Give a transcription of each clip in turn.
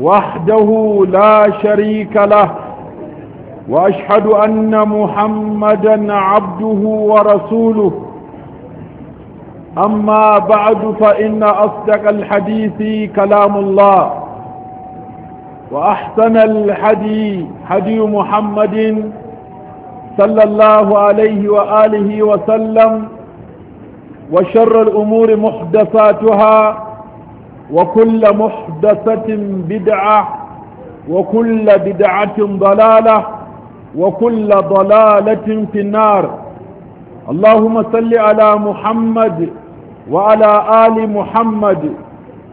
وحده لا شريك له وأشهد أن محمدا عبده ورسوله أما بعد فإن أصدق الحديث كلام الله وأحسن الحدي حدي محمد صلى الله عليه وآله وسلم وشر الأمور محدثاتها وكل محدثة بدعة وكل بدعة ضلالة وكل ضلالة في النار اللهم صل على محمد وعلى آل محمد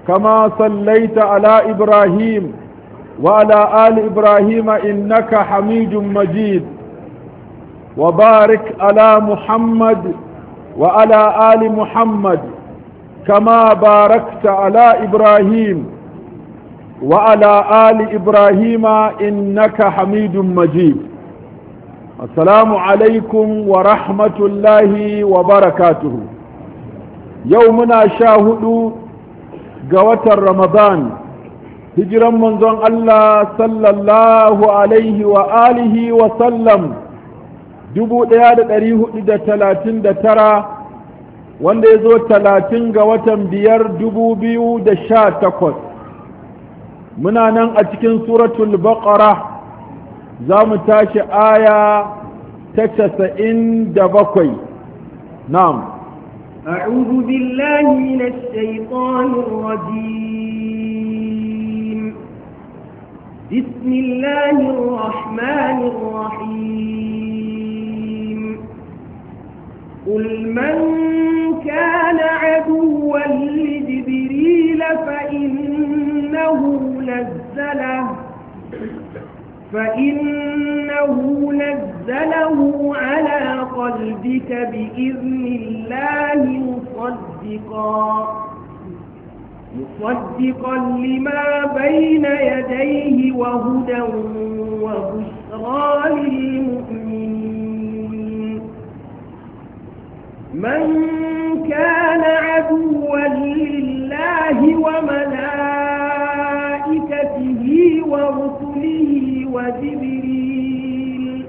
كما صليت على إبراهيم وعلى آل إبراهيم إنك حميد مجيد وبارك على محمد وعلى آل محمد كما باركت على إبراهيم وعلى آل إبراهيم إنك حميد مجيد السلام عليكم ورحمة الله وبركاته يومنا شاهد قوة رمضان هجرا منذ الله صلى الله عليه وآله وسلم دبو ديادة أريه إذا تلاتين دترى wanda ya zo talatin ga watan biyar dubu biyu da sha takwas muna nan a cikin suratul baqara za mu tashi aya ta casa'in da bakwai na'am أعوذ بالله من الشيطان الرجيم بسم الله الرحمن الرحيم قل من كان عدوا لجبريل فإنه نزله فإنه نزله على قلبك بإذن الله مصدقا مصدقا لما بين يديه وهدى وبشرى للمؤمنين من كان عدوا لله وملائكته ورسله وجبريل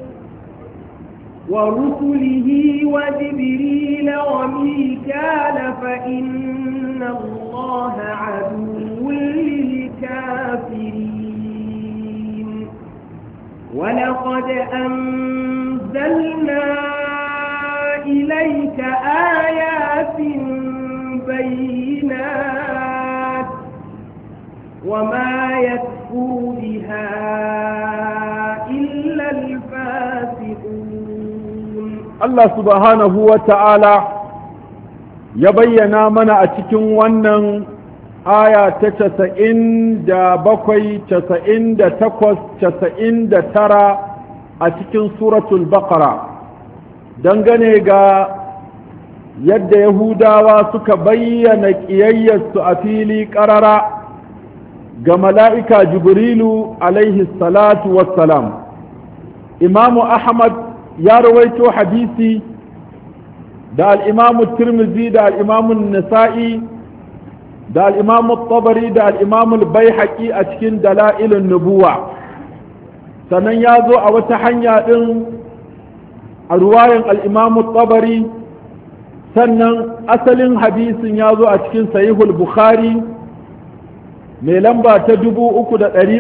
ورسله وجبريل وميكال فإن الله عدو للكافرين ولقد أنزلنا إليك آيات بينات وما يكفو بها إلا الفاسقون الله سبحانه وتعالى يبين من أتكن ونن aya ta casa'in da bakwai casa'in da takwas casa'in da tara a cikin suratul bakara. dangane ga yadda yahudawa suka bayyana ƙiyayyarsu a fili ƙarara ga mala'ika jibrilu alaihi salatu wassalam imamu ahmad ya rawaito hadisi da al'imamu tirmizi da al'imamun Nisa'i, da al'imamu tabari da al'imamun bai a cikin dala'ilin nubuwa sannan ya zo a wata hanya ɗin a ruwayan al'imamu tabari sannan asalin hadisin ya zo a cikin sahihul bukhari mai lamba ta 3,329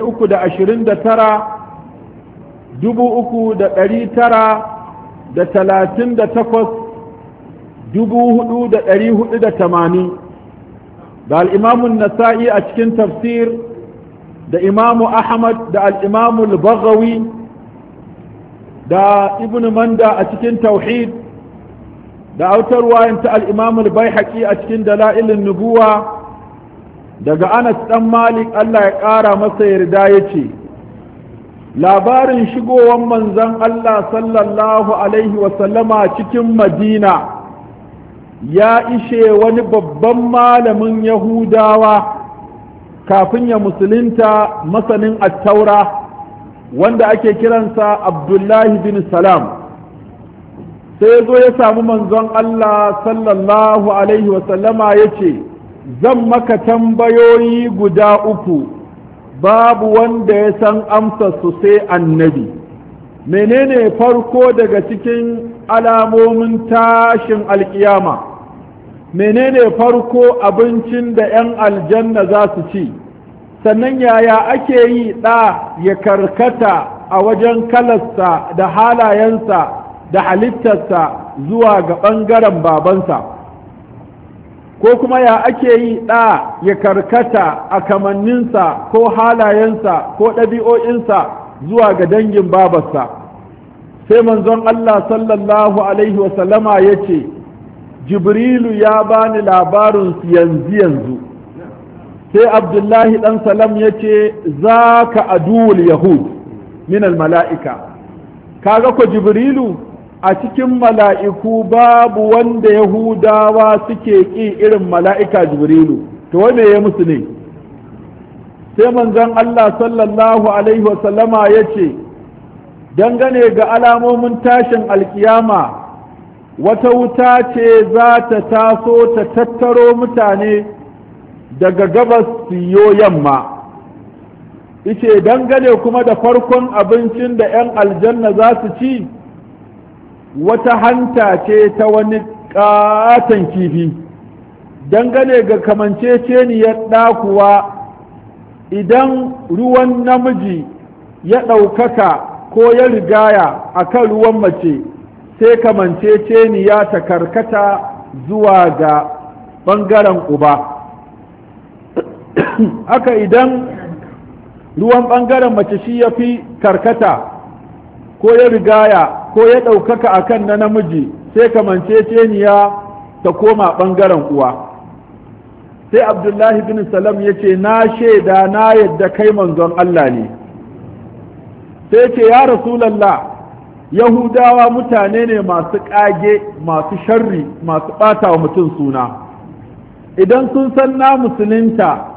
da al'imamun nasa'i a cikin tafsir da imamu ahmad da al'imamu al-baghawi da ibn manda a cikin tauhid da autar wayan ta al-imam al-baihaqi a cikin dalailin nubuwa daga anas dan malik Allah ya ƙara masa yarda ya ce labarin shigowan manzon Allah sallallahu alaihi wa sallama cikin madina ya ishe wani babban malamin yahudawa kafin ya musulunta masanin Attaura. taura wanda ake kiransa abdullahi bin salam sai zo ya samu manzon Allah sallallahu alaihi wasallama ya ce zan maka tambayoyi guda uku babu wanda ya san amsarsu sai annabi menene farko daga cikin alamomin tashin alkiyama menene farko abincin da 'yan aljanna za su ci sannan yaya ake yi ɗa ya karkata a wajen kalarsa da halayensa da halittarsa zuwa ga ɓangaren babansa ko kuma ya ake yi ɗa ya karkata a kamanninsa ko halayensa ko ɗabi'o'insa zuwa ga dangin babarsa sai manzon Allah sallallahu alaihi wasallama ya ce jibrilu ya bani labarin yanzu yanzu sai abdullahi dan salam ya ce za ka aduwul yahud min mala'ika kaga ko jibrilu a cikin mala'iku babu wanda yahudawa suke ƙi irin mala'ika jibrilu to wane ya musu ne sai manzon allah sallallahu alaihi wasallama ya ce dangane ga alamomin tashin alkiyama wata wuta ce za ta taso ta tattaro mutane daga gabas siyo yamma ice dangane kuma da farkon abincin da 'yan aljanna za su ci wata hanta ce ta wani ƙaton kifi dangane ga kamanceceniyar ɗakuwa idan ruwan namiji ya ɗaukaka ko ya rigaya a kan ruwan mace sai kamanceceniya ta karkata zuwa ga ɓangaren uba haka idan ruwan ɓangaren mace shi ya fi karkata ko ya rigaya ko ya ɗaukaka a kan na namiji sai ceniya ta koma ɓangaren uwa sai abdullahi bin salam ya ce na shaida na yadda kai manzon Allah ne sai ce ya rasulallah yahudawa mutane ne masu ƙage masu sharri masu ɓata wa mutum suna idan sun san na musulunta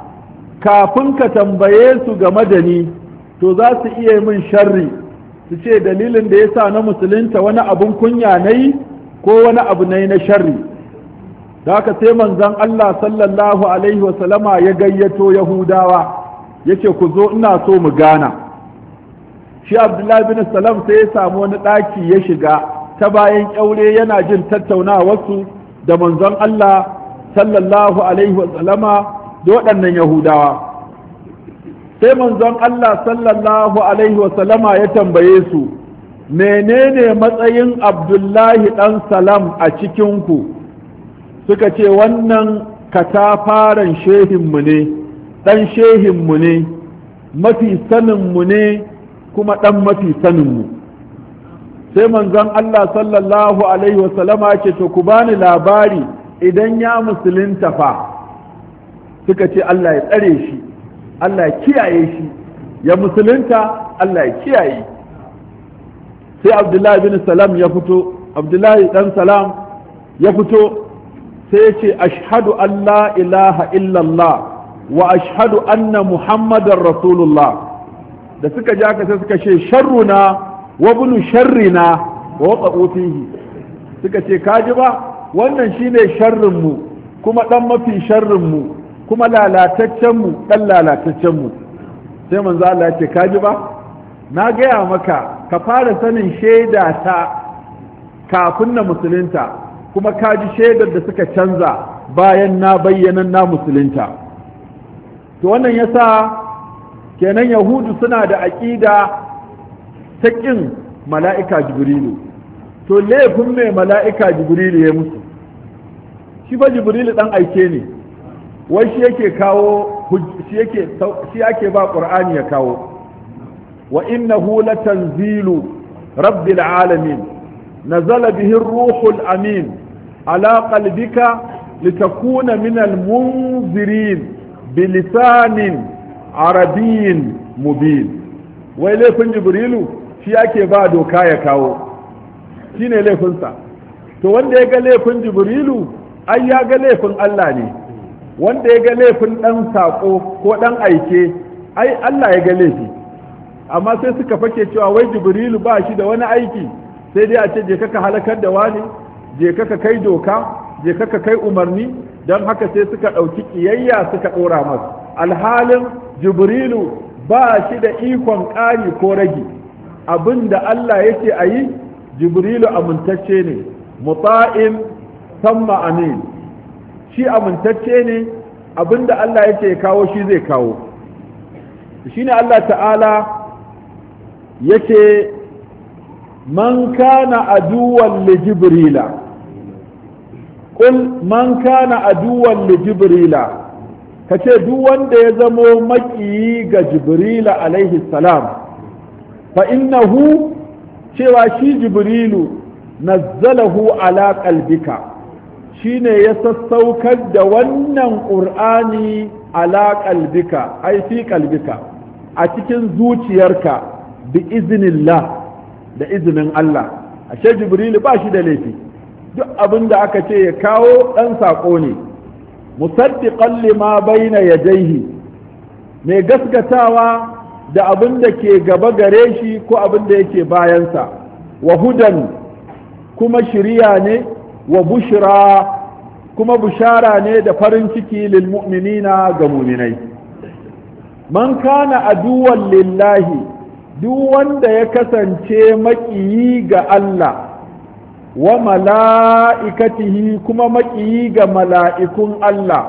kafin ka tambaye su game da ni to za su iya min sharri su ce dalilin da ya sa na musulunta wani abun kunya na yi ko wani abu na yi na sharri da haka sai manzon Allah sallallahu alaihi wasallama ya gayyato yahudawa ya ce ku zo ina so mu gana shi abdullahi bin salam sai ya samu wani ɗaki ya shiga ta bayan ƙyaure yana jin tattaunawarsu da manzon Allah sallallahu alaihi wasallama da waɗannan yahudawa sai manzon Allah sallallahu alaihi wasallama ya tambaye su menene matsayin abdullahi ɗan salam a cikinku suka ce wannan katafaren shehinmu ne ɗan shehinmu ne mafi saninmu ne kuma ɗan mafi saninmu sai manzon Allah sallallahu alaihi wasallama ce to ku bani labari idan ya musulunta fa suka ce Allah ya tsare shi Allah ya kiyaye shi ya musulunta Allah ya kiyaye sai Abdullahi bin Salam ya fito Abdullahi dan Salam ya fito sai ya ce ashhadu an la ilaha illallah wa ashhadu anna muhammadar rasulullah da suka ja ka sai suka ce sharruna wa bunu sharrina wa waqa suka ce kaji ba wannan shine sharrin mu kuma dan mafi sharrin mu kuma lalataccen mu dan lalataccen mu sai manzo Allah yake ce ka ji ba na gaya maka ka fara sanin shaida ta kafin na musulunta kuma kaji ji shaidar da suka canza bayan na bayyana na musulunta to wannan yasa kenan yahudu suna da aƙida ta ƙin mala'ika jibrilu to laifin mai mala'ika jibrilu ya mutu? shi ba jibrilu ɗan aike ne wai shi yake kawo shi yake shi yake ba qur'ani ya kawo wa innahu latanzilu rabbil alamin nazala bihi ruhul amin ala qalbika litakuna minal munzirin bilisanin arabiyin mubin wai laifin jibrilu shi yake ba doka ya kawo shine laifinsa to wanda ya ga laifin jibrilu ai ya ga laifin Allah ne wanda ya ga laifin ɗan saƙo ko ɗan aike ai Allah ya ga laifi amma sai suka fake cewa wai jibrilu ba shi da wani aiki sai dai a ce je kaka halakar da wani je kaka kai doka je kaka kai umarni don haka sai suka ɗauki ƙiyayya suka ɗora masa alhalin jibrilu ba shi da ikon ƙari ko ragi abin da Allah yake a yi jibrilu amintacce ne mutsa'in samma amin shi amintacce ne abinda Allah ya kawo shi zai kawo shine Allah ta'ala yake man kana aduwan li jibrila qul man kana aduwan li jibrila kace duk wanda ya zamo makiyi ga jibrila alaihi salam fa innahu cewa shi jibrilu nazzalahu ala qalbika Shi ne ya sassaukar da wannan ƙur'ani ala ƙalbika ai fi ƙalbika a cikin zuciyarka bi iznillah da izinin Allah ashe jibrilu ba shi da laifi duk abin da aka ce ya kawo ɗan saƙo ne musaddiqan lima baina jaihi. mai gaskatawa da abin da ke gaba gare shi ko abin da yake bayansa wa hudan kuma shirya ne wa bushira kuma bushara ne da farin ciki lil ga mu'minai man kana aduwan lillahi duk wanda ya kasance maƙiyi ga Allah wa mala'ikatihi kuma maƙiyi ga mala'ikun Allah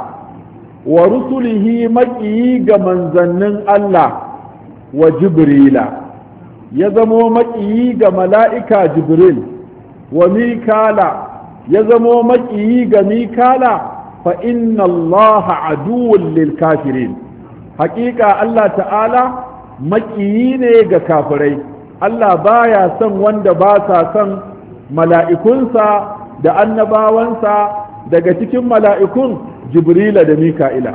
wa rusulihi maƙiyi ga manzannin Allah wa Jibrila ya zamo maƙiyi ga mala'ika Jibril wa Mikala ya zamo maƙiyi ga mikala fa inna allaha aduwwun lil kafirin haƙiƙa allah ta'ala maƙiyi ne ga kafirai allah baya son wanda ba sa son mala'ikunsa da annabawansa daga cikin mala'ikun jibrila da mika'ila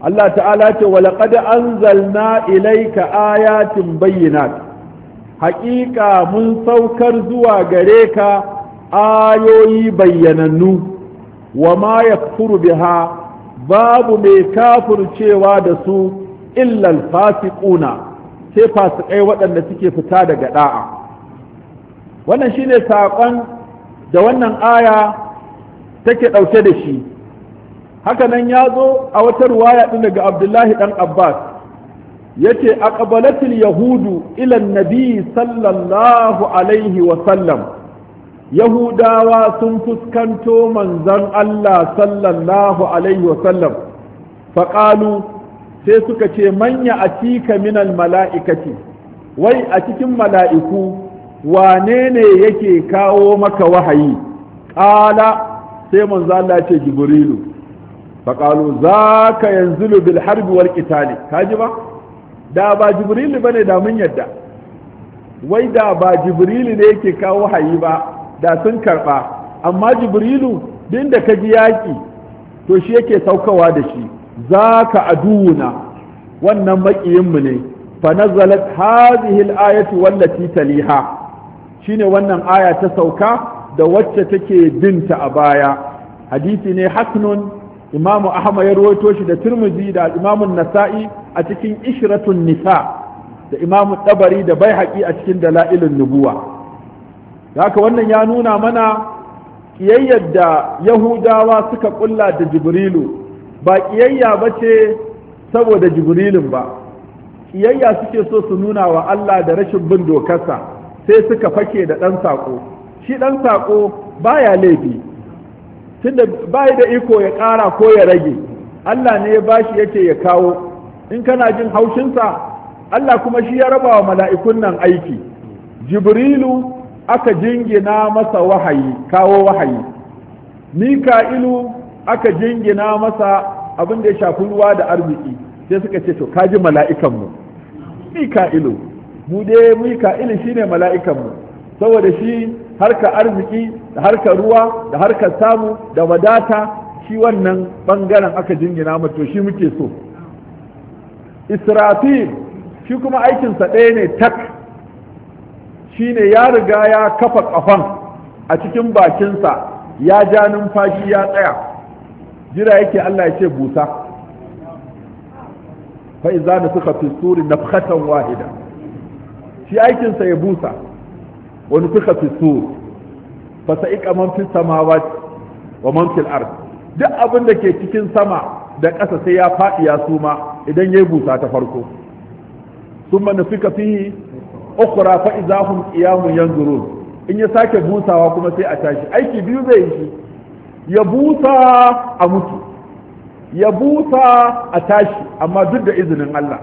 allah ta'ala ce walaƙad anzalna ilaika ayatin bayyinat haƙiƙa mun saukar zuwa gare ka ayoyi bayyanannu wa ma yakfuru biha babu mai kafircewa da su illal fasiquna sai fasikai waɗanda suke fita daga da'a wannan shine saƙon da wannan aya take ɗauke da shi haka nan ya zo a wata ruwaya ɗin daga abdullahi ɗan abbas ya ce a aqbalatil yahudu ilan nabi sallallahu alaihi wasallam yahudawa sun fuskanto manzon Allah sallallahu alaihi wasallam faƙalu sai suka ce manya a cika minal mala'ikati wai a cikin mala'iku wane ne yake kawo maka wahayi ƙala sai manzo Allah ce jibrilu faƙalu za ka yanzu bil harbi wal Ka ji ba da ba jibrilu bane da mun yadda wai da ba jibrilu ne yake kawo wahayi ba da sun karɓa amma jibrilu din da ka ji yaƙi to shi yake saukawa da shi za ka aduwuna wannan maƙiyinmu ne fa nazalat hazihi al-ayatu wallati taliha shine wannan aya ta sauka da wacce take binta a baya hadisi ne hasnun imamu ahmad ya rawaito shi da turmuzi da imamun nasa'i a cikin ishratun nisa da imamu tabari da baihaqi a cikin dalailun nubuwa haka wannan ya nuna mana ƙiyayyar da yahudawa suka kulla da jibrilu ba ƙiyayya ba ce saboda jibrilin ba ƙiyayya suke so su nuna wa allah da rashin bin dokarsa sai suka fake da ɗan saƙo shi ɗan saƙo baya laifi tunda bayi da iko ya ƙara ko ya rage allah ne ya bashi yake ya kawo in kana jin haushinsa allah kuma shi ya raba wa mala'ikun nan aiki jibrilu aka jingina masa wahayi kawo wahayi mika'ilu aka jingina masa abin da ya shafi ruwa da arziki sai suka ce to kaji mala'ikanmu mika'ilu mu dai mika'ilu shine mu saboda shi harka arziki da harka ruwa da harka samu da wadata shi wannan bangaren aka jingina to shi muke so israfil shi kuma aikinsa ɗaya ne tak shine ya riga ya kafa kafan a cikin bakinsa ya ja numfashi ya tsaya jira yake Allah ya ce busa fa iza suka fi suri nafkhatan wahida shi aikin sa ya busa wa suka fi sur fa sa'iqa man fi samawati wa man fil ard duk abin da ke cikin sama da ƙasa sai ya faɗi ya suma idan ya busa ta farko sun manufika fihi ukura fa izahum qiyamun yanzurun in ya sake busawa kuma sai a tashi aiki biyu zai yi shi ya busa a mutu ya busa a tashi amma duk da izinin Allah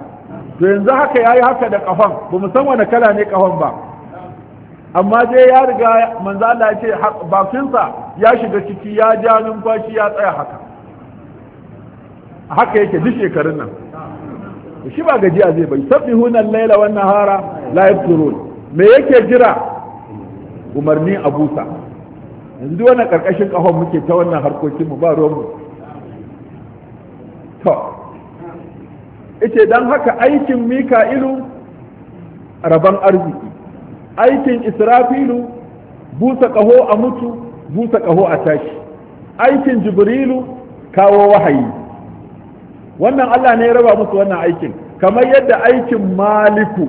to yanzu haka yayi haka da kafan ba mu san wani kala ne kafan ba amma dai ya riga manzo Allah ya ce bakinsa ya shiga ciki ya ja numfashi ya tsaya haka haka yake duk shekarun nan shi ba gajiya zai bai sabbihuna al-laila wan nahara la yabturun me yake jira umarni a busa yanzu wannan karkashin kahon muke ta wannan harkokin mu ba ruwan mu to ita dan haka aikin mika'ilu raban arziki aikin israfilu busa kaho a mutu busa kaho a tashi aikin jibrilu kawo wahayi wannan allah ne ya raba musu wannan aikin kamar yadda aikin maliku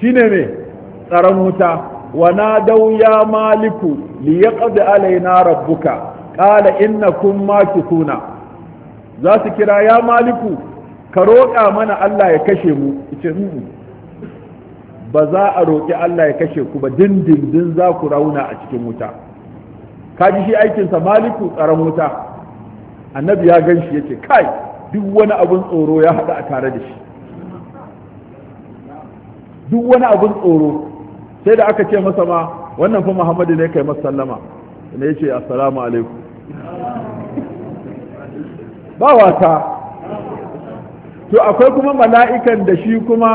shine ne tsaron wuta wa na dau ya maliku li yaqdi alaina rabbuka kun ma ki kuna, za su kira ya maliku ka roƙa mana Allah ya kashe mu ce ba za a roƙi Allah ya kashe ku ba dindindin za ku rauna a cikin wuta kaji shi aikinsa maliku tsaron wuta annabi ya gan shi ya ce kai duk wani abun tsoro ya haɗu a tare da shi duk wani abin tsoro sai da aka ce masa ma wannan fa muhammadu ne kai masallama. sallama ne ya ce assalamu alaikum ba wata to akwai kuma mala'ikan da shi kuma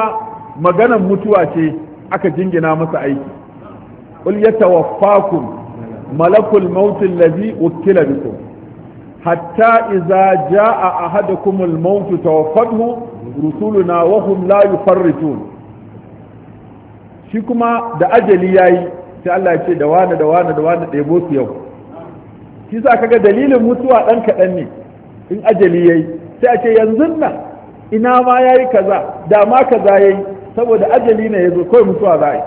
maganan mutuwa ce aka jingina masa aiki qul yatawaffakum malakul mautin allazi wakila biko hatta ja a ahadakumul mautu tawaffathu rusuluna wahum la yufarritun shi kuma da ajali ya yi, sai Allah ya ce da wane da wane da wane da su yau shi sa kaga dalilin mutuwa ɗan kaɗan ne in ajali ya yi. sai a ce yanzu nan ina ma ya yi kaza da ma kaza ya yi? saboda ajali ne zo, kawai mutuwa za a yi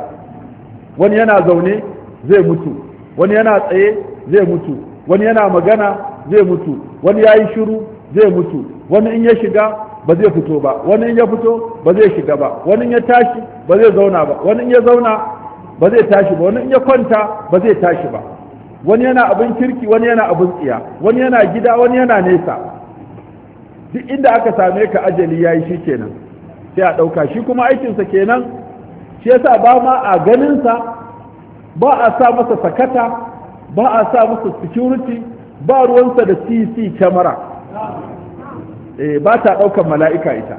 wani yana zaune zai mutu wani yana tsaye zai mutu wani yana magana zai mutu wani ya yi shiru zai mutu wani in ya shiga ba zai fito ba wani ya fito ba zai shiga ba wani ya tashi ba zai zauna ba wani ya zauna ba zai tashi ba wani ya kwanta ba zai tashi ba wani yana abin kirki wani yana abin tsiya wani yana gida wani yana nesa duk inda aka same ka ajali ya yi shi kenan sai a ɗauka shi kuma aikinsa kenan shi yasa ba ma a ganinsa ba a sa masa sakata ba a sa masa security ba ruwansa da cc camera. Eh, ba ta ɗaukar mala'ika ita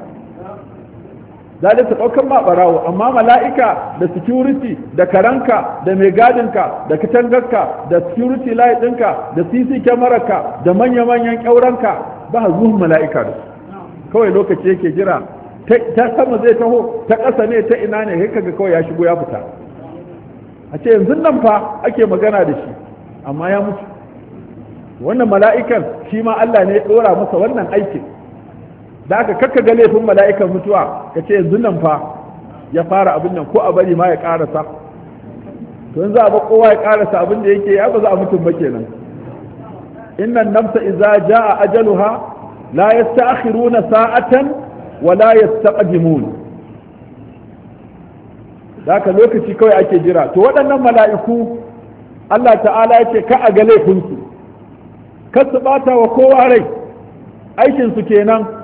za ta ɗaukar ma ɓarawo amma mala'ika da security da karanka da mai gadinka da katangarka da security light ɗinka da cc kyamararka da manya-manyan ƙyauranka ba zuhun mala'ika da kawai lokaci yake jira ta sama zai taho ta ƙasa ne ta ina ne haka kaga kawai ya shigo ya fita a ce yanzu nan fa ake magana da shi amma ya mutu wannan mala'ikan shi ma Allah ne ya ɗora masa wannan aikin da aka kakka ga laifin mala'ikan mutuwa ka ce yanzu nan fa ya fara abin nan ko a bari ma ya karasa to za a ba kowa ya karasa abin da yake ya ba za a mutum ba kenan innan namsa idza jaa ajaluha la yasta'khiruna sa'atan wa la yastaqdimun da haka lokaci kawai ake jira to waɗannan mala'iku Allah ta'ala yake ka a ga laifinsu kar su bata wa kowa rai aikinsu kenan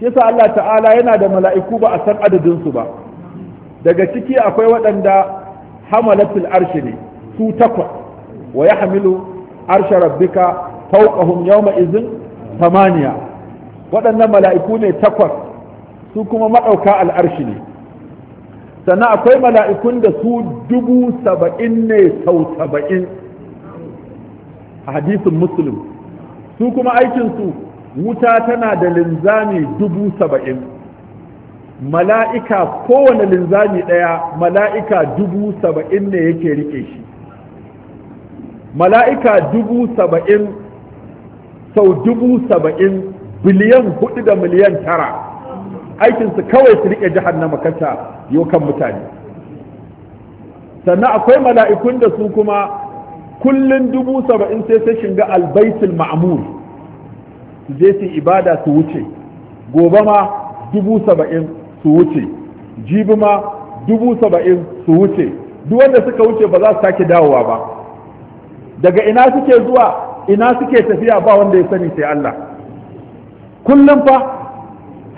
yasa Allah ta'ala yana da mala'iku ba a san adadunsu ba daga ciki akwai waɗanda hamalatul arshi ne su takwa wa yahmilu arsha rabbika fawqahum yawma izin samaniya. waɗannan mala'iku ne takwas su kuma maɗauka al'arshi ne sannan akwai mala'ikun da su dubu saba'in ne sau saba'in a hadisin musulun su kuma aikinsu wuta tana da linzami dubu saba'in mala'ika kowane linzami ɗaya mala'ika dubu saba'in ne yake rike shi mala'ika dubu saba'in sau dubu saba'in biliyan hudu da miliyan tara aikinsu kawai su rike na kata yau kan mutane sannan akwai mala'ikun da su kuma kullum dubu saba'in sai sai shiga albaitul ma'amur su je su ibada su wuce gobe ma dubu saba'in su wuce jibi ma dubu saba'in su wuce duk wanda suka wuce ba za su sake dawowa ba daga ina suke zuwa ina suke tafiya ba wanda ya sani sai Allah kullum fa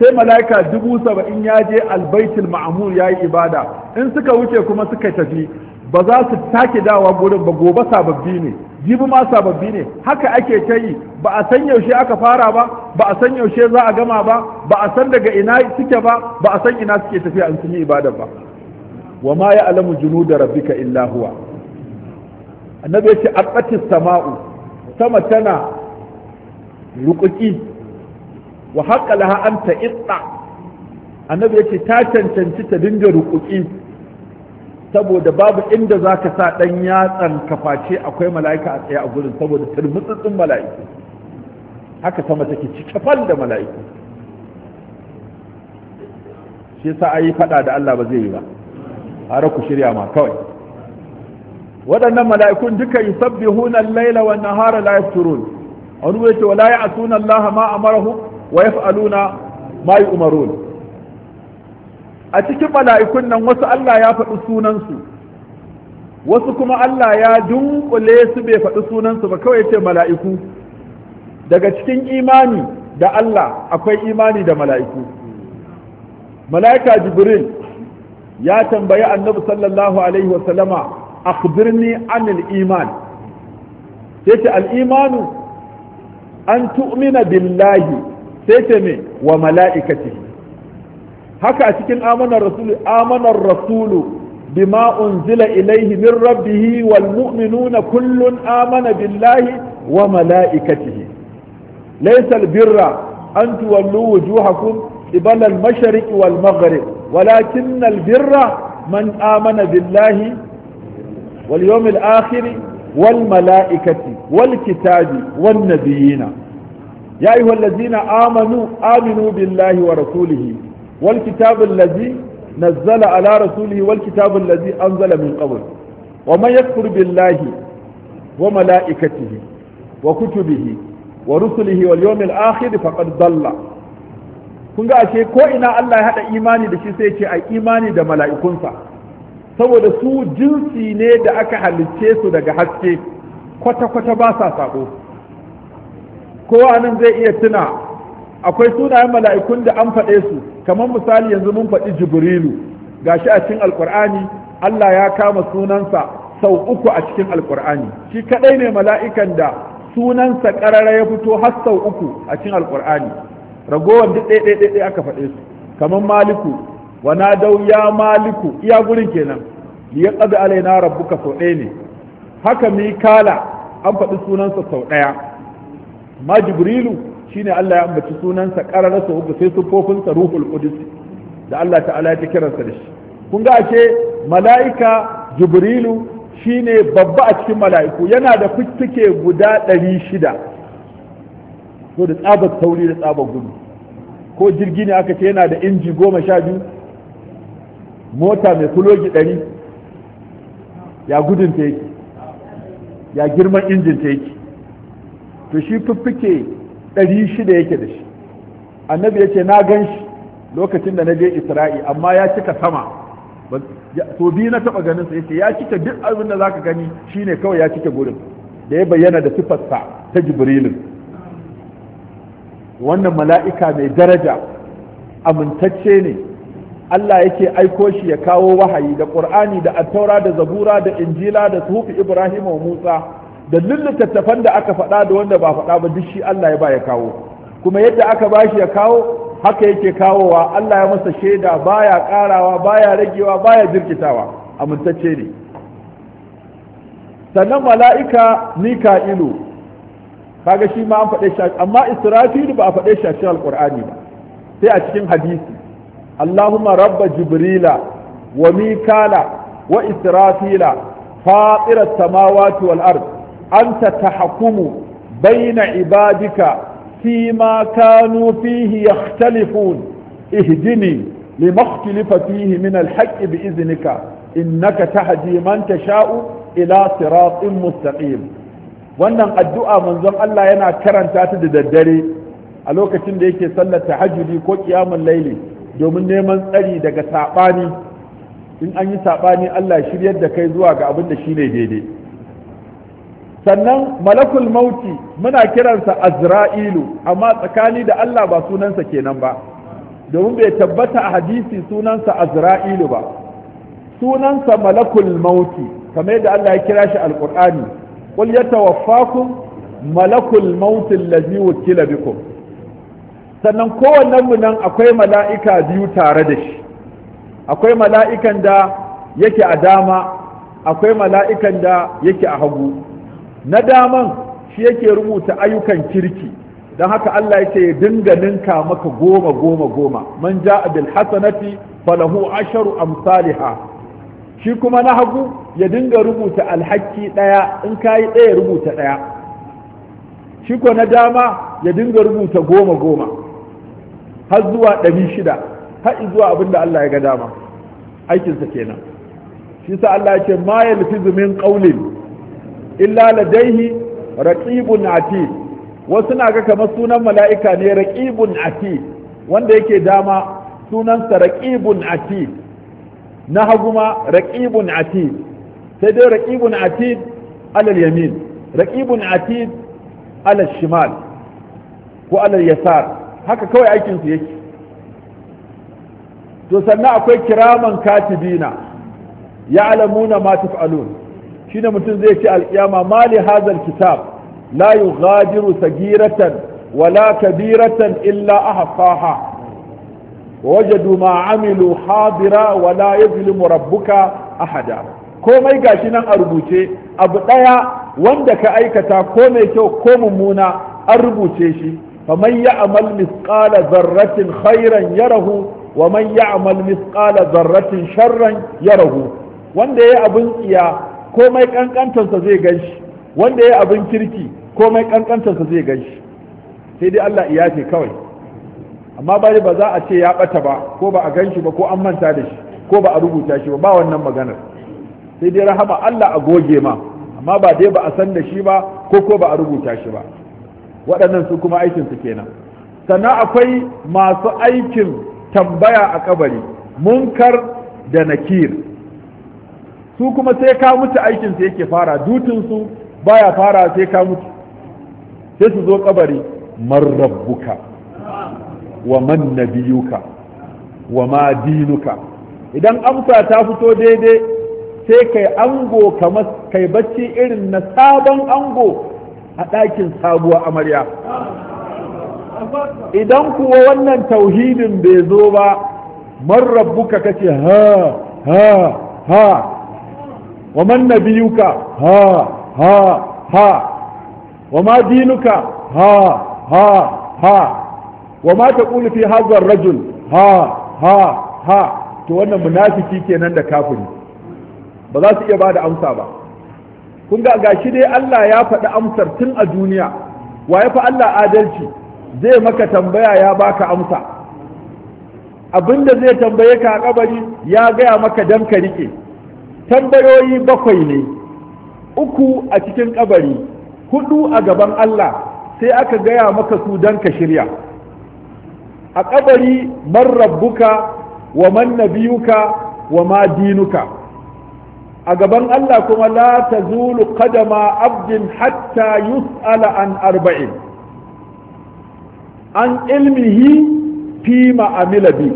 sai mala'ika dubu saba'in ya je albaitul ma'amur ya yi ibada in suka wuce kuma suka tafi ba za su take dawa gurin ba gobe sababbi ne jibi ma sababbi ne haka ake ta yi ba a san yaushe aka fara ba ba a san yaushe za a gama ba ba a san daga ina suke ba ba a san ina suke tafiya an sun yi ibada ba wa ma ya alamu da rabbika illa huwa annabi ya ce aqatis sama'u sama tana rukuki wa haƙa laha anta itta annabi ya ce ta cancanci ta dinga rukuki saboda babu inda za ka sa ɗan yatsan kaface akwai mala'ika a tsaye a gurin saboda turmutsutsun mala'iku haka sama take cikafal da mala'iku shi yasa a yi faɗa da Allah ba zai yi ba har ku shirya ma kawai waɗannan mala'ikun duka yusabbihuna al-laila wan nahara la yafturun an wuce wala ya'tuna Allah ma Amarahu, wa Aluna, ma yu'marun a cikin mala'ikun nan wasu Allah ya faɗi sunansu wasu kuma Allah ya dunkule su bai faɗi sunansu ba kawai ce mala'iku daga cikin imani da Allah akwai imani da mala'iku mala'ika jibril ya tambayi annabi sallallahu alaihi wasallama akhbirni anil iman sai ce al'imanu an tu'mina billahi sai ce me wa mala'ikatihi haka a cikin amanar rasulu amanar rasulu bima unzila ilaihi min rabbihi wal mu'minuna kullun amana billahi wa mala'ikatihi Laisal birra an tuwallu wujuhakum qibala al mashriq wal maghrib walakin al birra man amana billahi wal yawmil akhir wal mala'ikati wal kitabi wan nabiyina ya ayyuhallazina amanu aminu billahi wa rasulihi wal kitabul ladzi nazzala ala rasulihi wal kitabul ladzi anzala min qabl wa man billahi wa malaikatihi wa kutubihi wa rusulihi wal yawmil akhir faqad dalla kun ga ashe ko ina Allah ya haɗa imani da shi sai ce a imani da mala'ikunsa saboda su jinsi ne da aka halicce su daga haske kwata-kwata ba sa sako kowa nan zai iya tuna akwai sunayen mala'ikun da an faɗe su kamar misali yanzu mun faɗi jibrilu shi a cikin alkur'ani Allah ya kama sunansa sau uku a cikin alkur'ani shi kadai ne mala'ikan da sunansa ƙarara ya fito har sau uku a cikin alkur'ani ragowar duk dai aka faɗe su kamar maliku wa na dau ya maliku iya gurin kenan ya ƙaza alaina rabbuka sau ɗaya ne haka mikala an faɗi sunansa sau ɗaya ma jibrilu shine Allah ya ambaci sunansa ƙararsa uku sai sa ruhul qudus da Allah ta'ala ya kiransa da shi kun ga ashe mala'ika jibrilu shine babba a cikin mala'iku yana da fiffike guda ɗari ko da tsabar sauri da tsabar gudu ko jirgi ne aka ce yana da inji goma sha biyu mota mai fulogi ɗari ya gudun ta yake ya girman injin ta yake to shi fiffike ɗari shida yake da shi annabi ya ce na gan shi lokacin da na je isra'i amma ya cika sama to biyu na taɓa ganin sa yace ya cika duk abin da zaka gani shine kawai ya cika gurin da ya bayyana da sifarsa ta jibrilin wannan mala'ika mai daraja amintacce ne Allah yake aiko shi ya kawo wahayi da ƙur'ani da attaura da zabura da injila da suhufi ibrahim wa musa da littattafan da aka faɗa da wanda ba faɗa ba duk shi Allah ya ba ya kawo kuma yadda aka ba shi ya kawo haka yake kawowa Allah ya masa shaida baya karawa baya ragewa baya jirkitawa amintacce ne sannan mala'ika mika'ilu kaga shi ma an faɗe shi amma israfil ba a faɗe shi a cikin alqur'ani ba sai a cikin hadisi Allahumma rabba jibrila wa mikala wa israfila fatirat samawati wal ard anta tahkumu baina ibadika fima kanu fihi yakhtalifun ihdini lima ikhtalafa fihi min alhaqqi biiznika innaka tahdi man tasha'u ila siratin mustaqim wannan addu'a manzon Allah yana karanta ta da daddare a lokacin da yake sallar tahajjudi ko qiyamul layli domin neman tsari daga sabani in an yi sabani Allah shiryar da kai zuwa ga abin da shine daidai sannan malakul mauti muna kiransa azra'ilu amma tsakani da Allah ba sunansa kenan ba domin bai tabbata a hadisi sunansa azra'ilu ba sunansa malakul mauti kamar yadda Allah ya kira shi alqur'ani qul yatawaffakum malakul mauti allazi wukila bikum sannan kowannen mu nan akwai mala'ika biyu tare da shi akwai mala'ikan da yake a dama akwai mala'ikan da yake a hagu na daman shi yake rubuta ayyukan kirki don haka Allah ya dinga ninka maka goma goma goma man ja'a bil hasanati falahu asharu Amsaliha, shi kuma na hagu ya dinga rubuta alhaki daya in kayi daya rubuta daya shi ko na dama ya dinga rubuta goma goma har zuwa ɗari shida har zuwa abinda Allah ya ga dama aikinsa kenan shi sa Allah ya ce ma yalfizu min qawlin illa ladaihi raqibun ati. wasu na ga kamar sunan mala'ika ne raqibun ati. wanda yake dama sunansa raqibun ati. na haguma raqibun ati. sai dai raqibun atid alal yamin raqibun ati alal shimal ko alal yasar haka kawai aikin su yake to sannan akwai kiraman katibina ya'lamuna ma taf'alun shine mutum zai ce alkiyama mali hazal kitab la yughadiru sagiratan wala kabiratan illa ahfaha wajadu ma amilu hadira wala yazlimu rabbuka ahada komai gashi nan a rubuce abu daya wanda ka aikata ko mai kyau ko mummuna an rubuce shi faman ya'mal misqala dharratin khairan yarahu wa man ya'mal misqala dharratin sharran yarahu wanda yayi abun tsiya komai kankantarsa zai shi wanda ya abin kirki komai kankantarsa zai shi sai dai Allah iya ce kawai amma bari ba za a ce ya bata ba ko ba a ganshi ba ko an manta da shi ko ba a rubuta shi ba ba wannan maganar sai dai rahama Allah a goge ma amma ba dai ba a san da shi ba ko ko ba a rubuta shi ba waɗannan su kuma aikinsu kenan sannan akwai masu aikin tambaya a kabari munkar da nakir su kuma sai ka mutu aikin su yake fara dutin su baya fara sai ka mutu sai su zo kabari man rabbuka wa man nabiyuka wa ma dinuka idan amsa ta fito daidai sai kai ango kamar kai bacci irin na sabon ango a ɗakin sabuwa amarya idan kuwa wannan tauhidin bai zo ba man rabbuka kace ha ha ha wa man nabiyuka ha ha ha wa ma dinuka ha ha ha wa ma taqulu fi rajul ha ha ha to wannan munafiki kenan da kafiri ba za su iya ba da amsa ba kun ga gashi dai Allah ya faɗi amsar tun a duniya wa ya fa Allah adalci zai maka tambaya ya baka amsa abinda zai tambaye ka a kabari ya gaya maka dan ka rike tambayoyi bakwai ne uku a cikin kabari hudu a gaban Allah sai aka gaya maka su don ka shirya a kabari man rabbuka wa man nabiyuka wa ma dinuka a gaban Allah kuma la zulu kadama abdin hatta yus'ala an arba'in an ilmihi fi ma'amila bi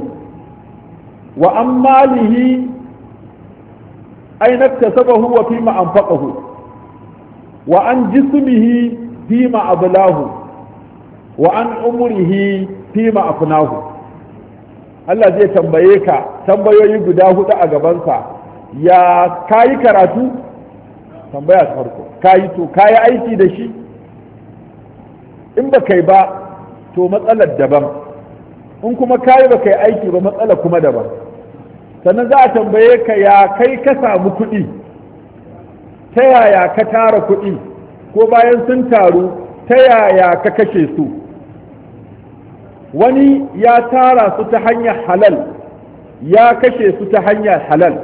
wa an malihi ai naktasabahu wa fima anfaqahu wa an jismihi fima ablahu wa an umrihi fima afnahu Allah zai tambaye ka tambayoyi guda hudu a gabansa ya kayi karatu tambaya ta farko kayi to kayi aiki da shi in ba kai ba to matsalar daban in kuma kayi ba kai aiki ba matsala kuma daban sannan za a tambaye ka ya kai ka samu kuɗi ta yaya ka tara kuɗi ko bayan sun taru ta yaya ka kashe su wani ya tara su ta hanyar halal ya kashe su ta hanyar halal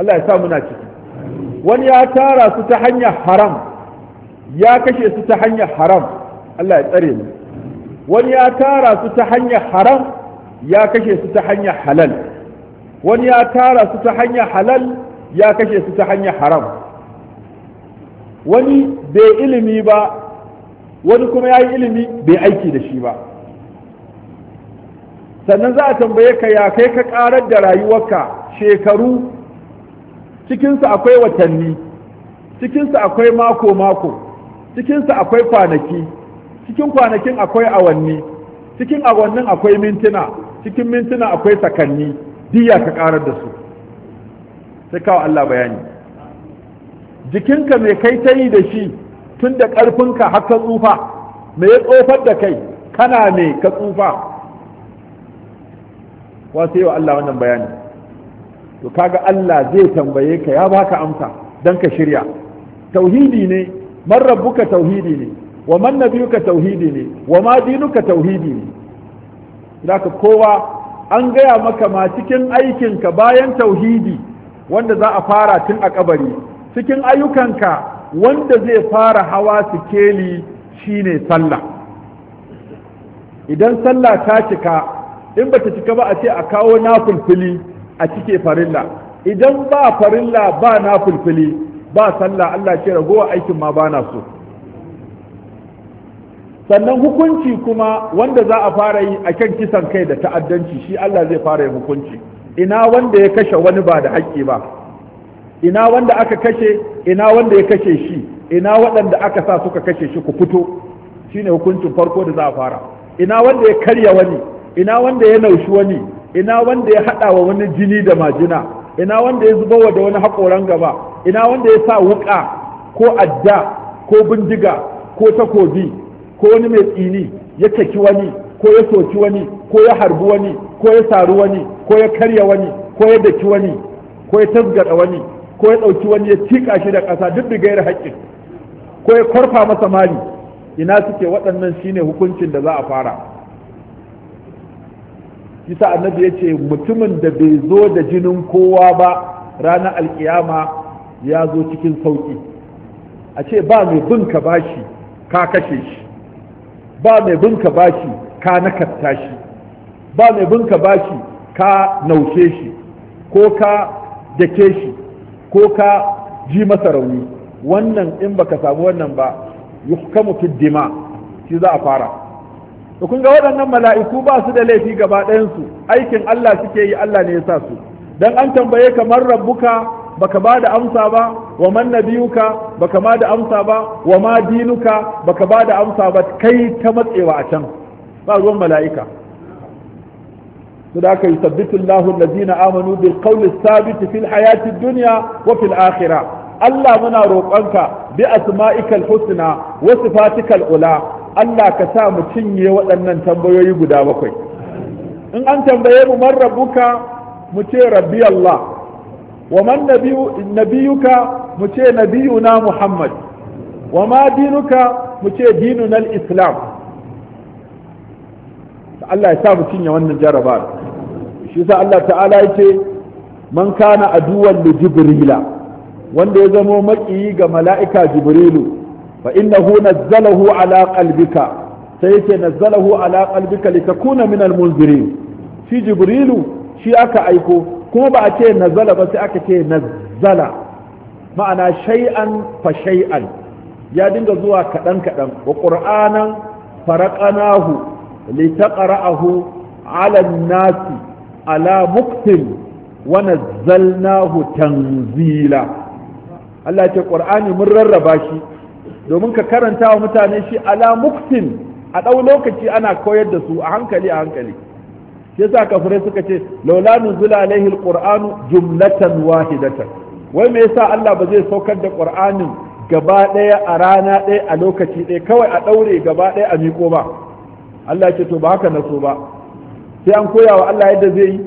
Allah ya sa muna ciki wani ya tara su ta hanyar haram ya kashe su ta hanyar haram Allah ya tsare mu wani ya tara su ta hanyar haram ya kashe su ta hanyar halal wani ya tara su ta hanyar halal ya kashe su ta hanyar haram wani bai ilimi ba wani kuma ya yi ilimi bai aiki da shi ba sannan za a tambaye ka ya kai ka karar da rayuwarka shekaru cikinsu akwai watanni cikinsu akwai mako-mako cikinsu akwai kwanaki cikin kwanakin akwai awanni cikin awannin akwai mintuna cikin mintuna akwai sakanni diya ka karar da su sai kawo Allah bayani jikinka mai kai ta yi da shi tun da ƙarfinka har ka tsufa mai ya tsofar da kai kana ne ka tsufa wasu wa Allah wannan bayani to kaga Allah zai tambaye ka ya baka amsa don ka shirya tauhidi ne man rabbuka tauhidi ne wa man nabiyuka tauhidi ne wa ma dinuka tauhidi ne zaka kowa an gaya maka ma cikin aikinka bayan tauhidi wanda za a fara tun a kabari cikin ayyukanka wanda zai fara hawa sikeli shine sallah idan sallah ta cika in ba ta cika ba a ce a kawo nafilfili a cike farilla idan ba farilla ba nafilfili ba sallah Allah ce ragowa aikin ma ba na so sannan hukunci kuma wanda za a fara yi a kan kisan kai da ta'addanci shi Allah zai fara yi hukunci ina wanda ya kashe wani ba da haƙƙi ba ina wanda aka kashe ina wanda ya kashe shi ina waɗanda aka sa suka kashe shi ku fito shine hukuncin farko da za a fara ina wanda ya karya wani ina wanda ya naushi wani ina wanda ya haɗa wa wani jini da majina ina wanda ya zuba wa da wani haƙoran gaba ina wanda ya sa wuƙa ko adda ko bindiga ko takobi ko wani mai tsini ya taki wani ko ya soki wani ko ya harbi wani ko ya saru wani ko ya karya wani ko ya daki wani ko ya tasgada wani ko ya ɗauki wani ya cika shi da ƙasa duk da gairar haƙƙin ko ya korfa masa mali ina suke waɗannan shine hukuncin da za a fara kisa annabi ya ce mutumin da bai zo da jinin kowa ba ranar alkiyama ya zo cikin sauƙi a ce ba mai bin ka bashi ka kashe shi ba mai binka bashi ka nakatta shi ba mai binka bashi ka naushe shi ko ka dake shi ko ka ji masa rauni wannan in baka samu wannan ba yukamu fi dima shi za a fara to kun ga waɗannan mala'iku ba su da laifi gaba ɗayansu aikin Allah suke yi Allah ne ya sa su dan an tambaye kamar rabbuka baka ba da amsa ba wa man nabiyuka baka ba da amsa ba wa ma dinuka baka ba da amsa ba kai ta matsewa a can ba ruwan mala'ika da aka yusabbitu Allahu allazina amanu bil qawli thabit fil hayati dunya wa fil akhirah Allah muna roƙonka bi asma'ikal husna wa sifatikal ula Allah ka sa mu cinye waɗannan tambayoyi guda bakwai in an tambaye mu man rabbuka mu ce rabbi Allah wa man nabiyuka mu ce nabiyuna muhammad wa ma dinuka mu ce dinunal islam Allah ya sa mu cinye wannan jarabar shi sa Allah ta'ala ya ce man kana aduwan li jibrila wanda ya zamo maƙiyi ga mala'ika jibrilu fa innahu nazzalahu ala qalbika sai yake nazzalahu ala qalbika litakuna min almunzirin shi jibrilu shi aka aiko kuma ba a ce nazala ba sai aka ce nazala ma'ana shay'an fa shay'an ya dinga zuwa kaɗan kaɗan wa ƙur'anan faraƙanahu litaqra'ahu ala nasi ala muktin wa nazzalnahu tanzila Allah ya ce ƙur'ani mun rarraba shi domin ka karanta wa mutane shi ala muktin a ɗau lokaci ana koyar da su a hankali a hankali shi yasa kafirai suka ce laula nuzula alaihi alqur'anu jumlatan wahidatan wai me yasa Allah ba zai saukar da qur'anin gaba daya a rana daya a lokaci daya kawai a daure gaba daya a miko ba Allah ce to ba haka na so ba sai an koya wa Allah yadda zai yi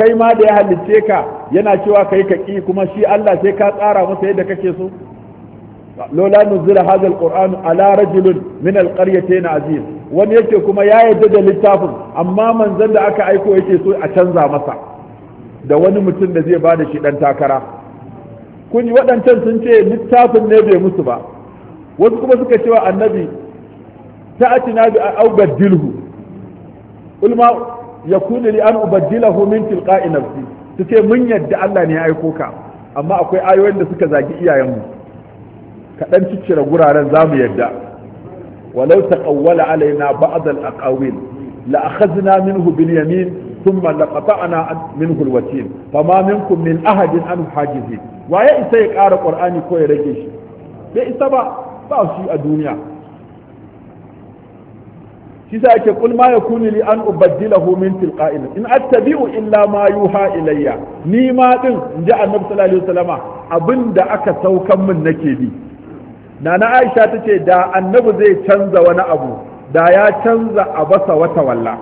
kai ma da ya halicce ka yana cewa kai ka ki kuma shi Allah sai ka tsara masa yadda kake so laula nuzula hadha القرآن ala rajulin min القريتين عزيز wani yake kuma ya yarda da littafin amma manzon da aka aiko yake so a canza masa da wani mutum da zai bada shi dan takara kun waɗancan sun ce littafin ne bai musu ba wasu kuma suka cewa annabi ta'atina bi au badilhu ulma yakunu li an ubaddilahu min tilqa'i nafsi su ce mun yadda Allah ne ya aiko ka amma akwai ayoyin da suka zagi iyayenmu kaɗan ciccire guraren za mu yadda ولو تقول علينا بعض الأقاويل لأخذنا منه باليمين ثم لقطعنا منه الوتين فما منكم من أحد عنه حاجزين ويا إسا يقار قرآني كوي رجيش بإسا با باوشي الدنيا شيسا يكي قل ما يكون لي أن أبدله من تلقاء إن أتبع إلا ما يوحى إلي ني ما دن جاء النبي صلى الله عليه وسلم أبن دا أكا سوكا من نكيبي nana aisha ta ce da annabi zai canza wani abu da ya canza a basa wata walla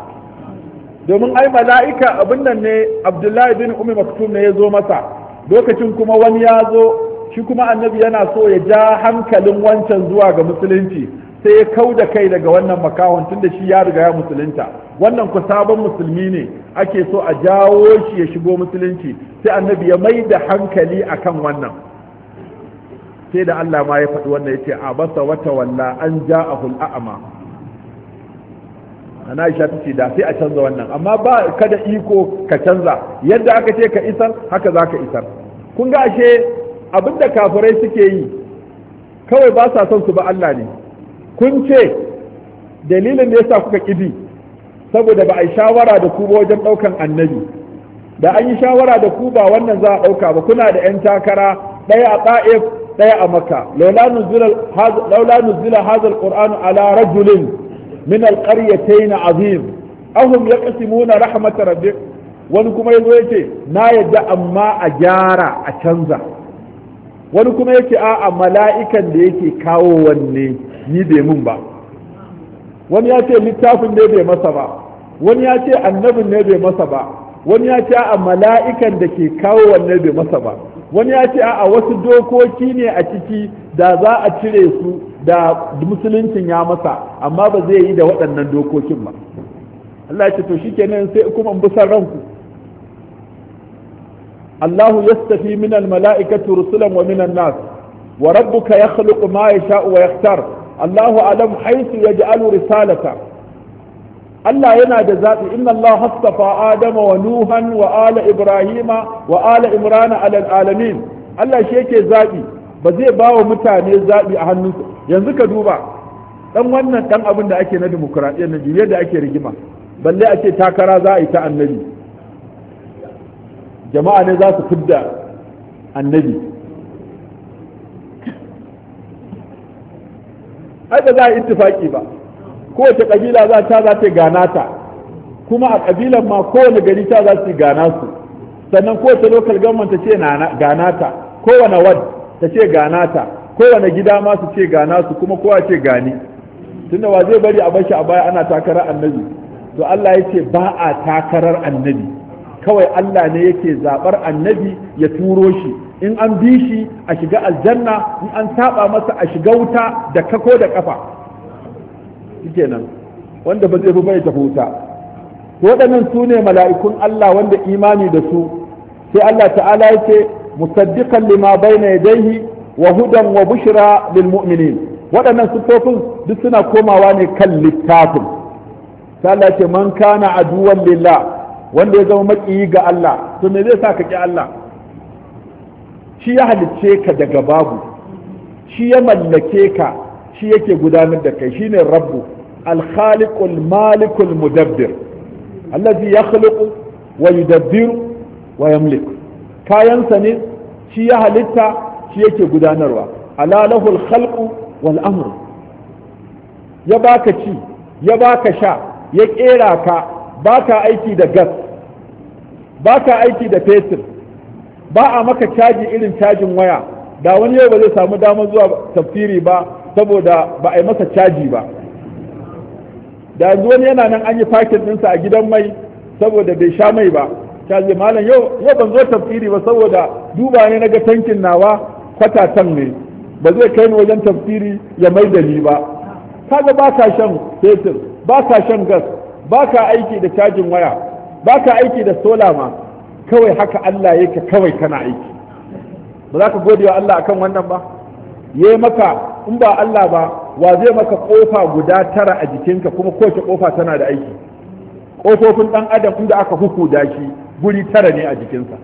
domin ai mala'ika abin nan ne abdullahi bin umar maktum ne ya zo masa lokacin kuma wani ya zo shi kuma annabi yana so ya ja hankalin wancan zuwa ga musulunci sai ya kau da kai daga wannan makahon tunda shi ya riga ya musulunta wannan ku sabon musulmi ne ake so a jawo shi ya shigo musulunci sai annabi ya mai da hankali akan wannan sai da Allah ma ya faɗi wannan ce a basa wata walla an ja'ahul a'ma ana Aisha tace da sai a canza wannan amma ba kada iko ka canza yadda aka ce ka isar haka zaka isar kun ga ashe abinda kafirai suke yi kawai ba sa son su ba Allah ne kun ce dalilin da yasa kuka kibi saboda ba a yi shawara da ku ba wajen ɗaukan annabi da an yi shawara da ku ba wannan za a ɗauka ba kuna da 'yan takara ɗaya a ta'if ɗaya a makka laula nuzila hadha alquran ala rajulin min alqaryatayn azim ahum yaqsimuna rahmat rabi. wani kuma yazo yace na yadda amma a gyara a canza wani kuma yake a'a mala'ikan da yake kawo wanne ni bai mun ba wani ya ce littafin ne bai masa ba wani ya ce annabin ne bai masa ba wani ya ce a mala'ikan da ke kawo wannan bai masa ba wani ya ce a wasu dokoki ne a ciki da za a cire su da musuluncin ya masa amma ba zai yi da waɗannan dokokin ba Allah ya ce to shikenan sai kuma in busan ranku Allahu yastafi min al-mala'ikati rusulan wa min an-nas wa rabbuka yakhluqu ma yasha'u wa yakhtar Allahu alam haythu yaj'alu risalata Allah yana da zaɓi inna Allah hastafa Adama wa Nuhan wa ala Ibrahima wa ala Imrana alal alamin Allah shi yake zaɓi ba zai ba wa mutane zaɓi a hannunsu yanzu ka duba dan wannan dan abin da ake na demokuraɗiyyar na juriyar da ake rigima balle ake takara za a yi ta annabi jama'a ne za su fidda annabi ai ba za a yi ittifaki ba kowace kabila za ta za ta gana ta kuma a kabilan ma kowane gari ta za su gana su sannan kowace local government ta ce gana ta kowane ward ta ce gana ta kowane gida ma su ce gana su kuma kowa ce gani tunda wa zai bari a bashi a baya ana takarar annabi to Allah ya ce ba a takarar annabi kawai Allah ne yake zabar annabi ya turo shi in an bi shi a shiga aljanna in an saba masa a shiga wuta da kako da kafa nan wanda ba zai bai tafi wuta to waɗannan su ne mala'ikun Allah wanda imani da su sai Allah ta'ala ya ce musaddiqan lima bayna yadayhi wa hudan wa bushra lil mu'minin waɗannan sifofin duk suna komawa ne kan littafin sai Allah ya ce man kana aduwan lillah wanda ya zama makiyi ga Allah to me zai sa ka ki Allah shi ya halicce ka daga babu shi ya mallake ka shi yake gudanar da kai shine rabbu al malikul mudabbir allazi yakhluqu wa yudabbiru wa yamlik kayansa ne shi ya halitta shi yake gudanarwa ala lahul wal amr ya baka ci ya baka sha ya kera ka baka aiki da gas baka aiki da fetur ba a maka caji irin cajin waya da wani yau ba zai samu damar zuwa tafsiri ba saboda ba a yi masa caji ba da yanzu wani yana nan an yi fakin ɗinsa a gidan mai saboda bai sha mai ba caji malam yau yau ban zo tafsiri ba saboda duba ne na ga tankin nawa kwatatan ne ba zai kai ni wajen tafsiri ya mai da ni ba kaga ba ka shan fetur ba ka shan gas ba ka aiki da cajin waya ba ka aiki da sola ma kawai haka Allah yake kawai kana aiki ba za ka gode wa Allah akan wannan ba yayi maka in ba Allah ba wa zai maka kofa guda tara a jikinka kuma kowace kofa tana da aiki kofofin dan adam inda aka hukuda shi guri tara ne a jikinsa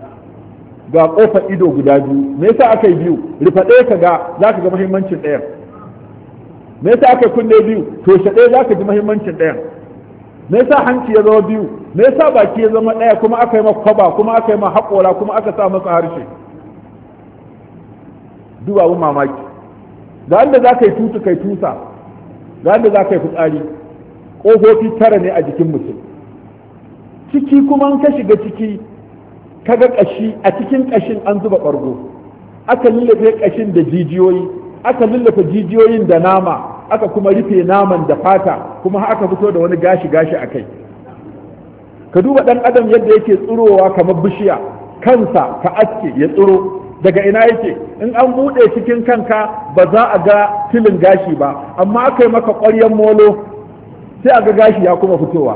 ga kofar ido guda biyu me yasa aka yi biyu rufa ɗaya ka ga zaka ga muhimmancin ɗayan me yasa aka kunne biyu to ɗaya zaka ji muhimmancin ɗayan me yasa hanci ya zama biyu me yasa baki ya zama ɗaya kuma aka yi maka kwaba kuma aka yi maka haƙora kuma aka sa masa harshe duba mamaki ga wanda za ka yi tutu kai tusa ga wanda za ka yi fitsari ƙofofi tara ne a jikin mutum ciki kuma ka shiga ciki kaga ƙashi a cikin ƙashin an zuba ɓargo aka lullafe ƙashin da jijiyoyi aka lullafe jijiyoyin da nama aka kuma rufe naman da fata kuma aka fito da wani gashi gashi a kai ka duba ɗan adam yadda yake tsirowa kamar bishiya kansa ka aske ya tsiro daga ina yake in an buɗe cikin kanka ba za a ga filin gashi ba amma aka maka ƙwaryen molo sai a ga gashi ya kuma fitowa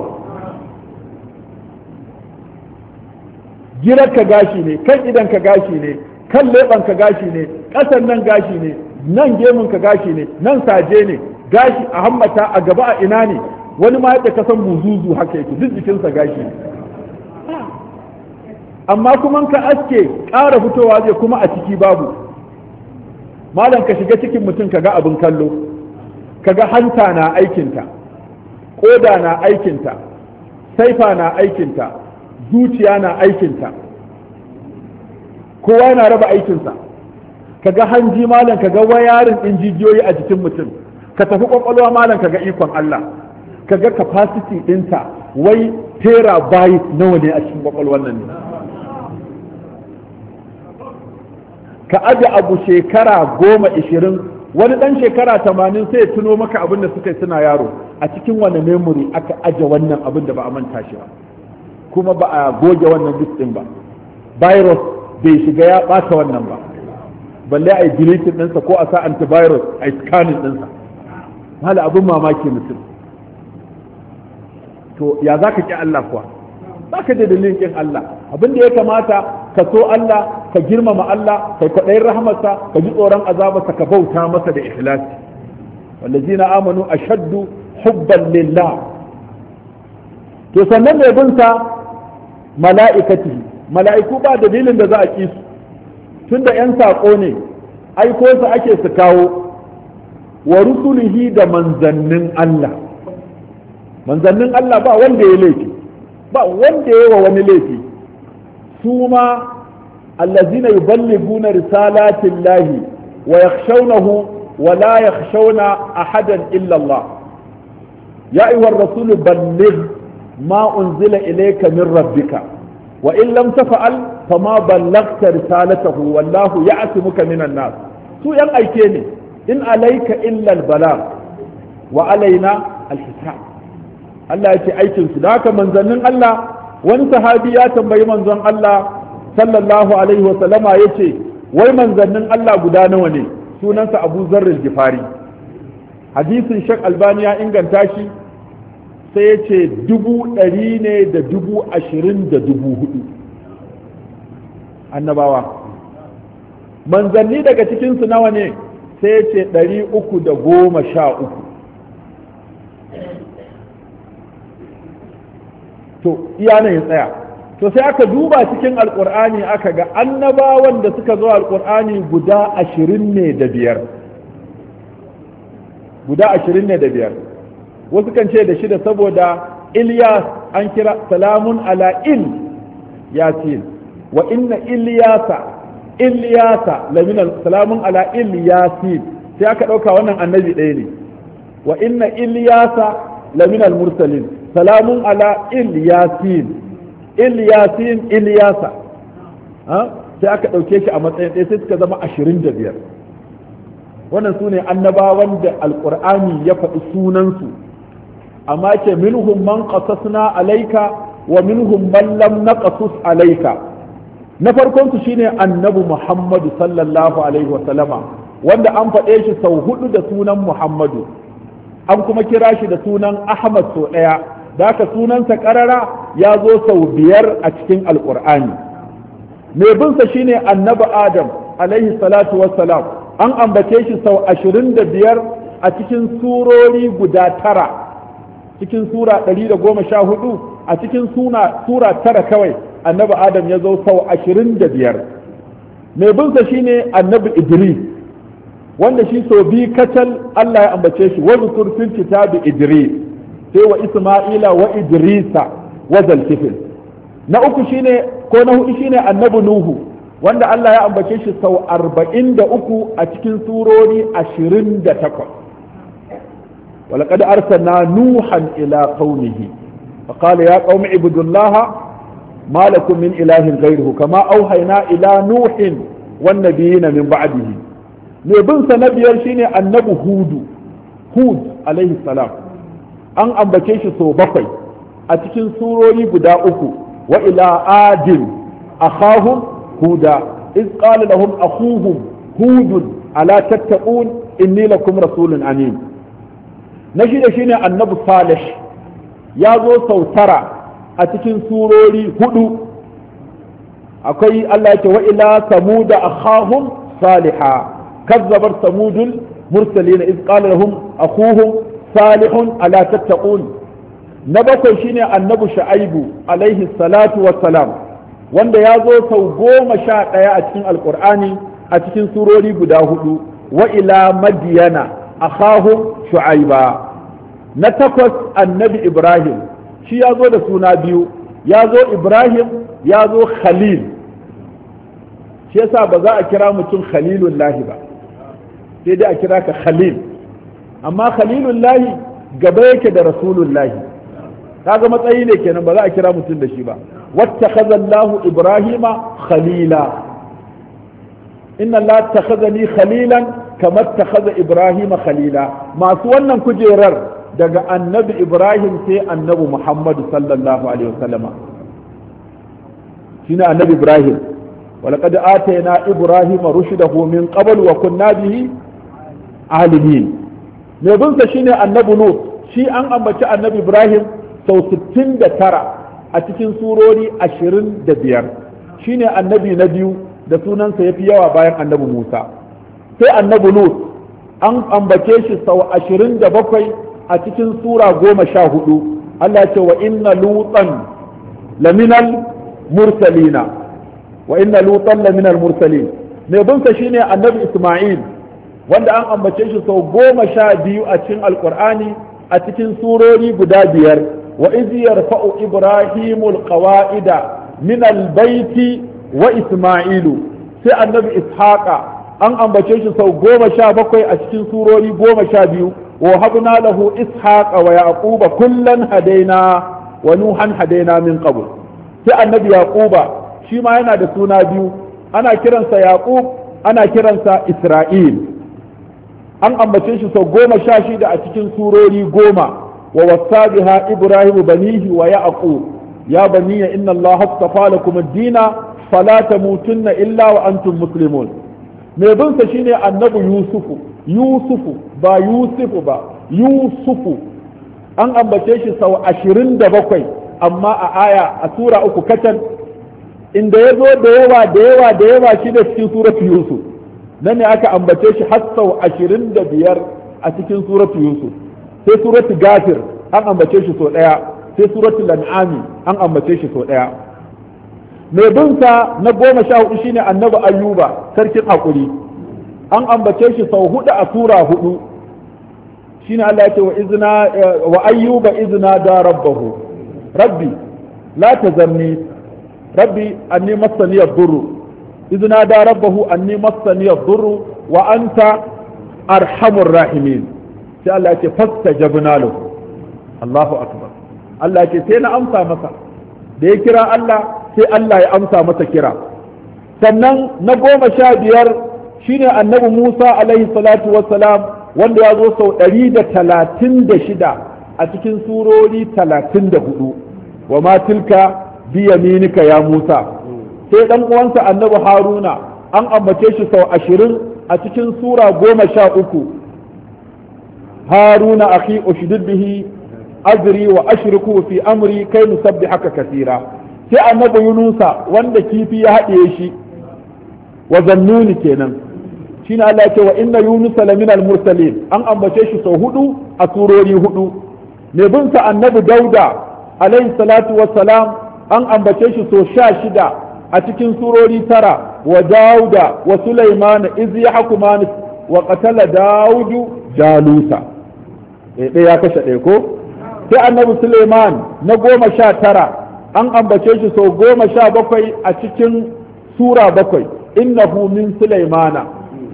ka gashi ne kan idanka gashi ne kan leɓanka gashi ne ƙasan nan gashi ne nan gemunka gashi ne nan saje ne gashi a hammata a gaba a ina ne wani ma yadda kasan buzuzu haka yake duk jikinsa gashi ne amma kuma ka aske ƙara fitowa zai kuma a ciki babu malam ka shiga cikin mutum ka ga abin kallo ka ga hanta na aikinta ƙoda na aikinta saifa na aikinta zuciya na aikinta kowa yana raba aikinsa ka ga hanji malam ka ga wayarin ɗin jijiyoyi a jikin mutum ka tafi ƙwaƙwalwa malam ka ga ikon Allah ka ga capacity ɗinta wai tera nawa ne a cikin ƙwaƙwalwar nan ne ka aje abu shekara goma ishirin wani ɗan shekara tamanin sai ya tuno maka abin da suka yi suna yaro a cikin wani memory aka aje wannan abin da ba a manta shi ba kuma ba a goge wannan disk ɗin ba virus bai shiga ya ɓata wannan ba balle a yi deleting ɗinsa ko a sa antivirus a yi scanning ɗinsa Hala abin mamaki mutum to ya za ka ƙi Allah kuwa za ka da dalilin Allah abin da ya kamata ka so Allah ka girmama Allah kai kwaɗayin rahamarsa ka ji tsoron azabarsa ka bauta masa da ikhlasi wallazina amanu ashaddu hubban lillah to sannan mai binsa mala'ikati mala'iku ba dalilin da za a su tunda yan sako ne aiko su ake su kawo wa rusulihi da manzannin Allah manzannin Allah ba wanda ya laifi ba wanda ya wa wani laifi su ma allazina yuballighuna risalatin lahi wa yakhshawnahu wa la ahadan illa Allah ya ayyuha ar-rasul balligh ma unzila ilayka min in lam tafa'al risalatahu wallahu ya'timuka minan nas su yan aike ne in alayka illa al Allah ya ce aikin su da manzannin Allah wani sahabi ya tambayi manzon Allah sallallahu alaihi wasallama yace wai manzannin Allah guda nawa ne sunansa Abu Zarril Gifari hadisin Sheikh Albani ya inganta shi sai ya ce dubu ɗari ne da dubu ashirin da dubu hudu annabawa manzanni daga cikinsu nawa ne sai ya ce ɗari uku da goma sha uku to iya nan ya tsaya to sai aka duba cikin alkur'ani aka ga annabawan da suka zo alkur'ani guda ashirin ne da biyar guda ashirin ne da biyar wasu kan ce da shida saboda ilyas an kira salamun ala il yasin wa inna ilyasa ilyasa lamina salamun ala il yasin sai aka ɗauka wannan annabi ɗaya ne wa inna ilyasa lamina mursalin salamun ala ilyasin ilyasin ilyasa sai aka ɗauke shi a matsayin ɗaya sai suka zama ashirin da biyar wannan su ne annabawan da alƙur'ani ya faɗi sunansu amma ke minhum man qasasna alaika wa minhum man lam naqasus alaika na farkon su shine annabi muhammadu sallallahu alaihi wa sallama wanda an faɗe shi sau hudu da sunan muhammadu an kuma kira shi da sunan ahmad sau ɗaya da ka sunansa karara ya zo sau biyar a cikin Alƙur'ani. mai binsa shine annabi adam alaihi salatu wassalam an ambace shi sau ashirin da biyar a cikin surori guda tara cikin sura ɗari da goma sha hudu a cikin suna sura tara kawai annabi adam ya zo sau ashirin da biyar mai binsa shine annabi idris wanda shi sau biyu kacal allah ya ambace shi wani kurfin kitabi idris sai wa isma'ila wa idrisa wa zalkifin na uku shine ko na hudu shine annabi nuhu wanda Allah ya ambace shi sau 43 a cikin surori 28 walaqad arsalna nuhan ila qaumihi fa qala ya qaumi ibudullaha ما لكم na إله غيره كما أوحينا إلى نوح والنبيين من بعده نبنس نبي الشيني النبي هود هود عليه السلام an ambace shi so bakwai a cikin surori guda uku wa ila adin akhahum huda iz qala lahum akhuhum hudun ala tattaqun inni lakum rasulun amin na shida shine annabi salih ya zo sau tara a cikin surori hudu akwai Allah ce wa ila samuda akhahum saliha kazzabar samudul mursalin iz qala lahum akhuhum salihun ala tattaqun na bakwai shine annabi shu'aibu alaihi salatu wassalam wanda ya zo sau goma sha ɗaya a cikin alkur'ani a cikin surori guda hudu wa ila madiyana akhahum shu'aiba na takwas annabi ibrahim shi ya zo da suna biyu ya zo ibrahim ya zo khalil shi yasa ba za a kira mutum lahi ba sai dai a kira ka khalil amma lahi gaba yake da rasulullahi kaga matsayi ne kenan ba za a kira mutum da shi ba wattakhadha Allahu Ibrahima khalila inna Allah takhadhani khalilan kamar takhadha Ibrahima khalila masu wannan kujerar daga annabi Ibrahim sai annabi muhammadu sallallahu alaihi wasallama shine annabi Ibrahim ولقد آتينا إبراهيم رشده من قبل وكنا به عالمين mai binsa shine annabi Nuh shi an ambaci annabi Ibrahim sau 69 a cikin surori 25 shine annabi na biyu da sunansa yafi yawa bayan annabi Musa sai annabi Nuh an ambace shi sau 27 a cikin sura 14 Allah ce wa inna lutan laminal mursalina wa inna lutan laminal mursalin mai binsa shine annabi Isma'il wanda an ambace shi sau goma sha biyu a cikin alkur'ani a cikin surori guda biyar wa iz yarfa'u ibrahimul qawa'ida min albaiti wa isma'ilu sai annabi ishaqa an ambace shi sau goma sha bakwai a cikin surori goma sha biyu wa habna lahu ishaqa wa yaquba kullan hadaina wa nuhan hadaina min qabl sai annabi yaquba shi ma yana da suna biyu ana kiransa yaqub ana kiransa isra'il an ambace shi sau goma sha shida a cikin surori goma wa wasa biha ibrahim banihi wa yaqub ya baniya inna allah hastafa lakum kuma dina falata mutunna illa wa antum muslimun mai binsa sa shine annabi yusufu yusufu ba yusufu ba yusufu an ambace shi sau ashirin da bakwai amma a aya a sura uku kacan inda ya zo da yawa da yawa da yawa shi da cikin suratu yusuf nan ne aka ambace shi har sau ashirin da biyar a cikin suratu yusuf sai suratu gafir an ambace shi sau ɗaya sai suratu lan'ami an ambace shi sau ɗaya mai binsa na goma sha hudu shine annabi ayyuba sarkin hakuri an ambace shi sau hudu a sura hudu shine Allah yake wa ayyuba izina da rabbahu rabbi la zanni rabbi anni masaniyar yadurru izina da rabbahu anni massani yadurru wa anta arhamur rahimin sai Allah yake Allahu akbar Allah yake sai na amsa masa da ya kira Allah sai Allah ya amsa masa kira sannan na goma sha biyar shine annabi Musa alaihi salatu wassalam wanda ya zo sau ɗari da talatin da shida a cikin surori talatin da hudu wa ma tilka biyaminika ya Musa sai dan uwansa annabi haruna an ambace shi sau ashirin a cikin sura goma sha uku haruna akhi ushdid bihi azri wa ashriku fi amri kai haka kasira sai annabi yunusa wanda kifi ya haɗe shi wa zannuni kenan shi na ce wa inna yunusa laminal mursalin an ambace shi sau hudu a surori hudu mai binsa annabi dauda alaihi salatu wassalam an ambace shi sau sha shida a cikin surori tara wa dauda wa sulaimana iz yahkuman wa qatala daudu jalusa eh, ɗaya ya kashe ɗaya ko sai annabi suleiman na goma sha tara an ambace shi sau goma sha bakwai a cikin sura bakwai innahu min sulaimana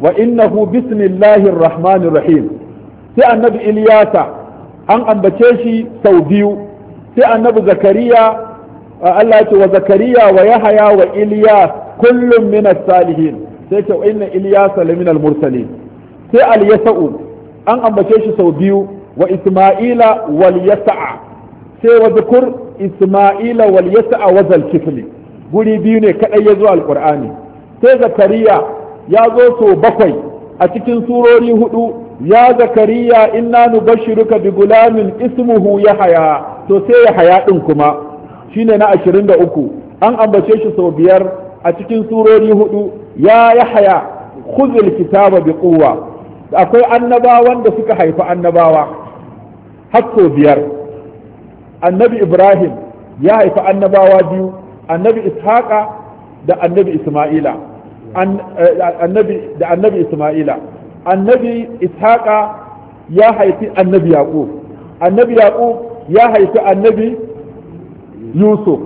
wa innahu bismillahir rahmanir rahim sai annabi iliyasa an ambace shi sau biyu sai annabi zakariya Allah ce wa zakariya wa yahaya wa iliya kullum min salihin sai ce inna iliya lamin al-mursalin sai al-yasa'u an ambace shi sau biyu wa isma'ila wal yasa'a sai wa zukur isma'ila wal yasa'a wa kifli guri biyu ne kadai ya zo alqur'ani sai zakariya ya zo sau bakwai a cikin surori hudu ya zakariya inna nubashshiruka bi gulamin ismuhu yahaya to sai yahaya din kuma shine na ashirin da uku. an ambace shi sau biyar a cikin surori hudu ya yahaya khuzil kitaba bi quwwa akwai annabawan da suka haifi annabawa har sau biyar annabi ibrahim ya haifi annabawa biyu annabi ishaqa da annabi isma'ila eh, annabi da annabi isma'ila annabi ishaqa ya haifi annabi yaqub annabi yaqub ya haifi annabi yusuf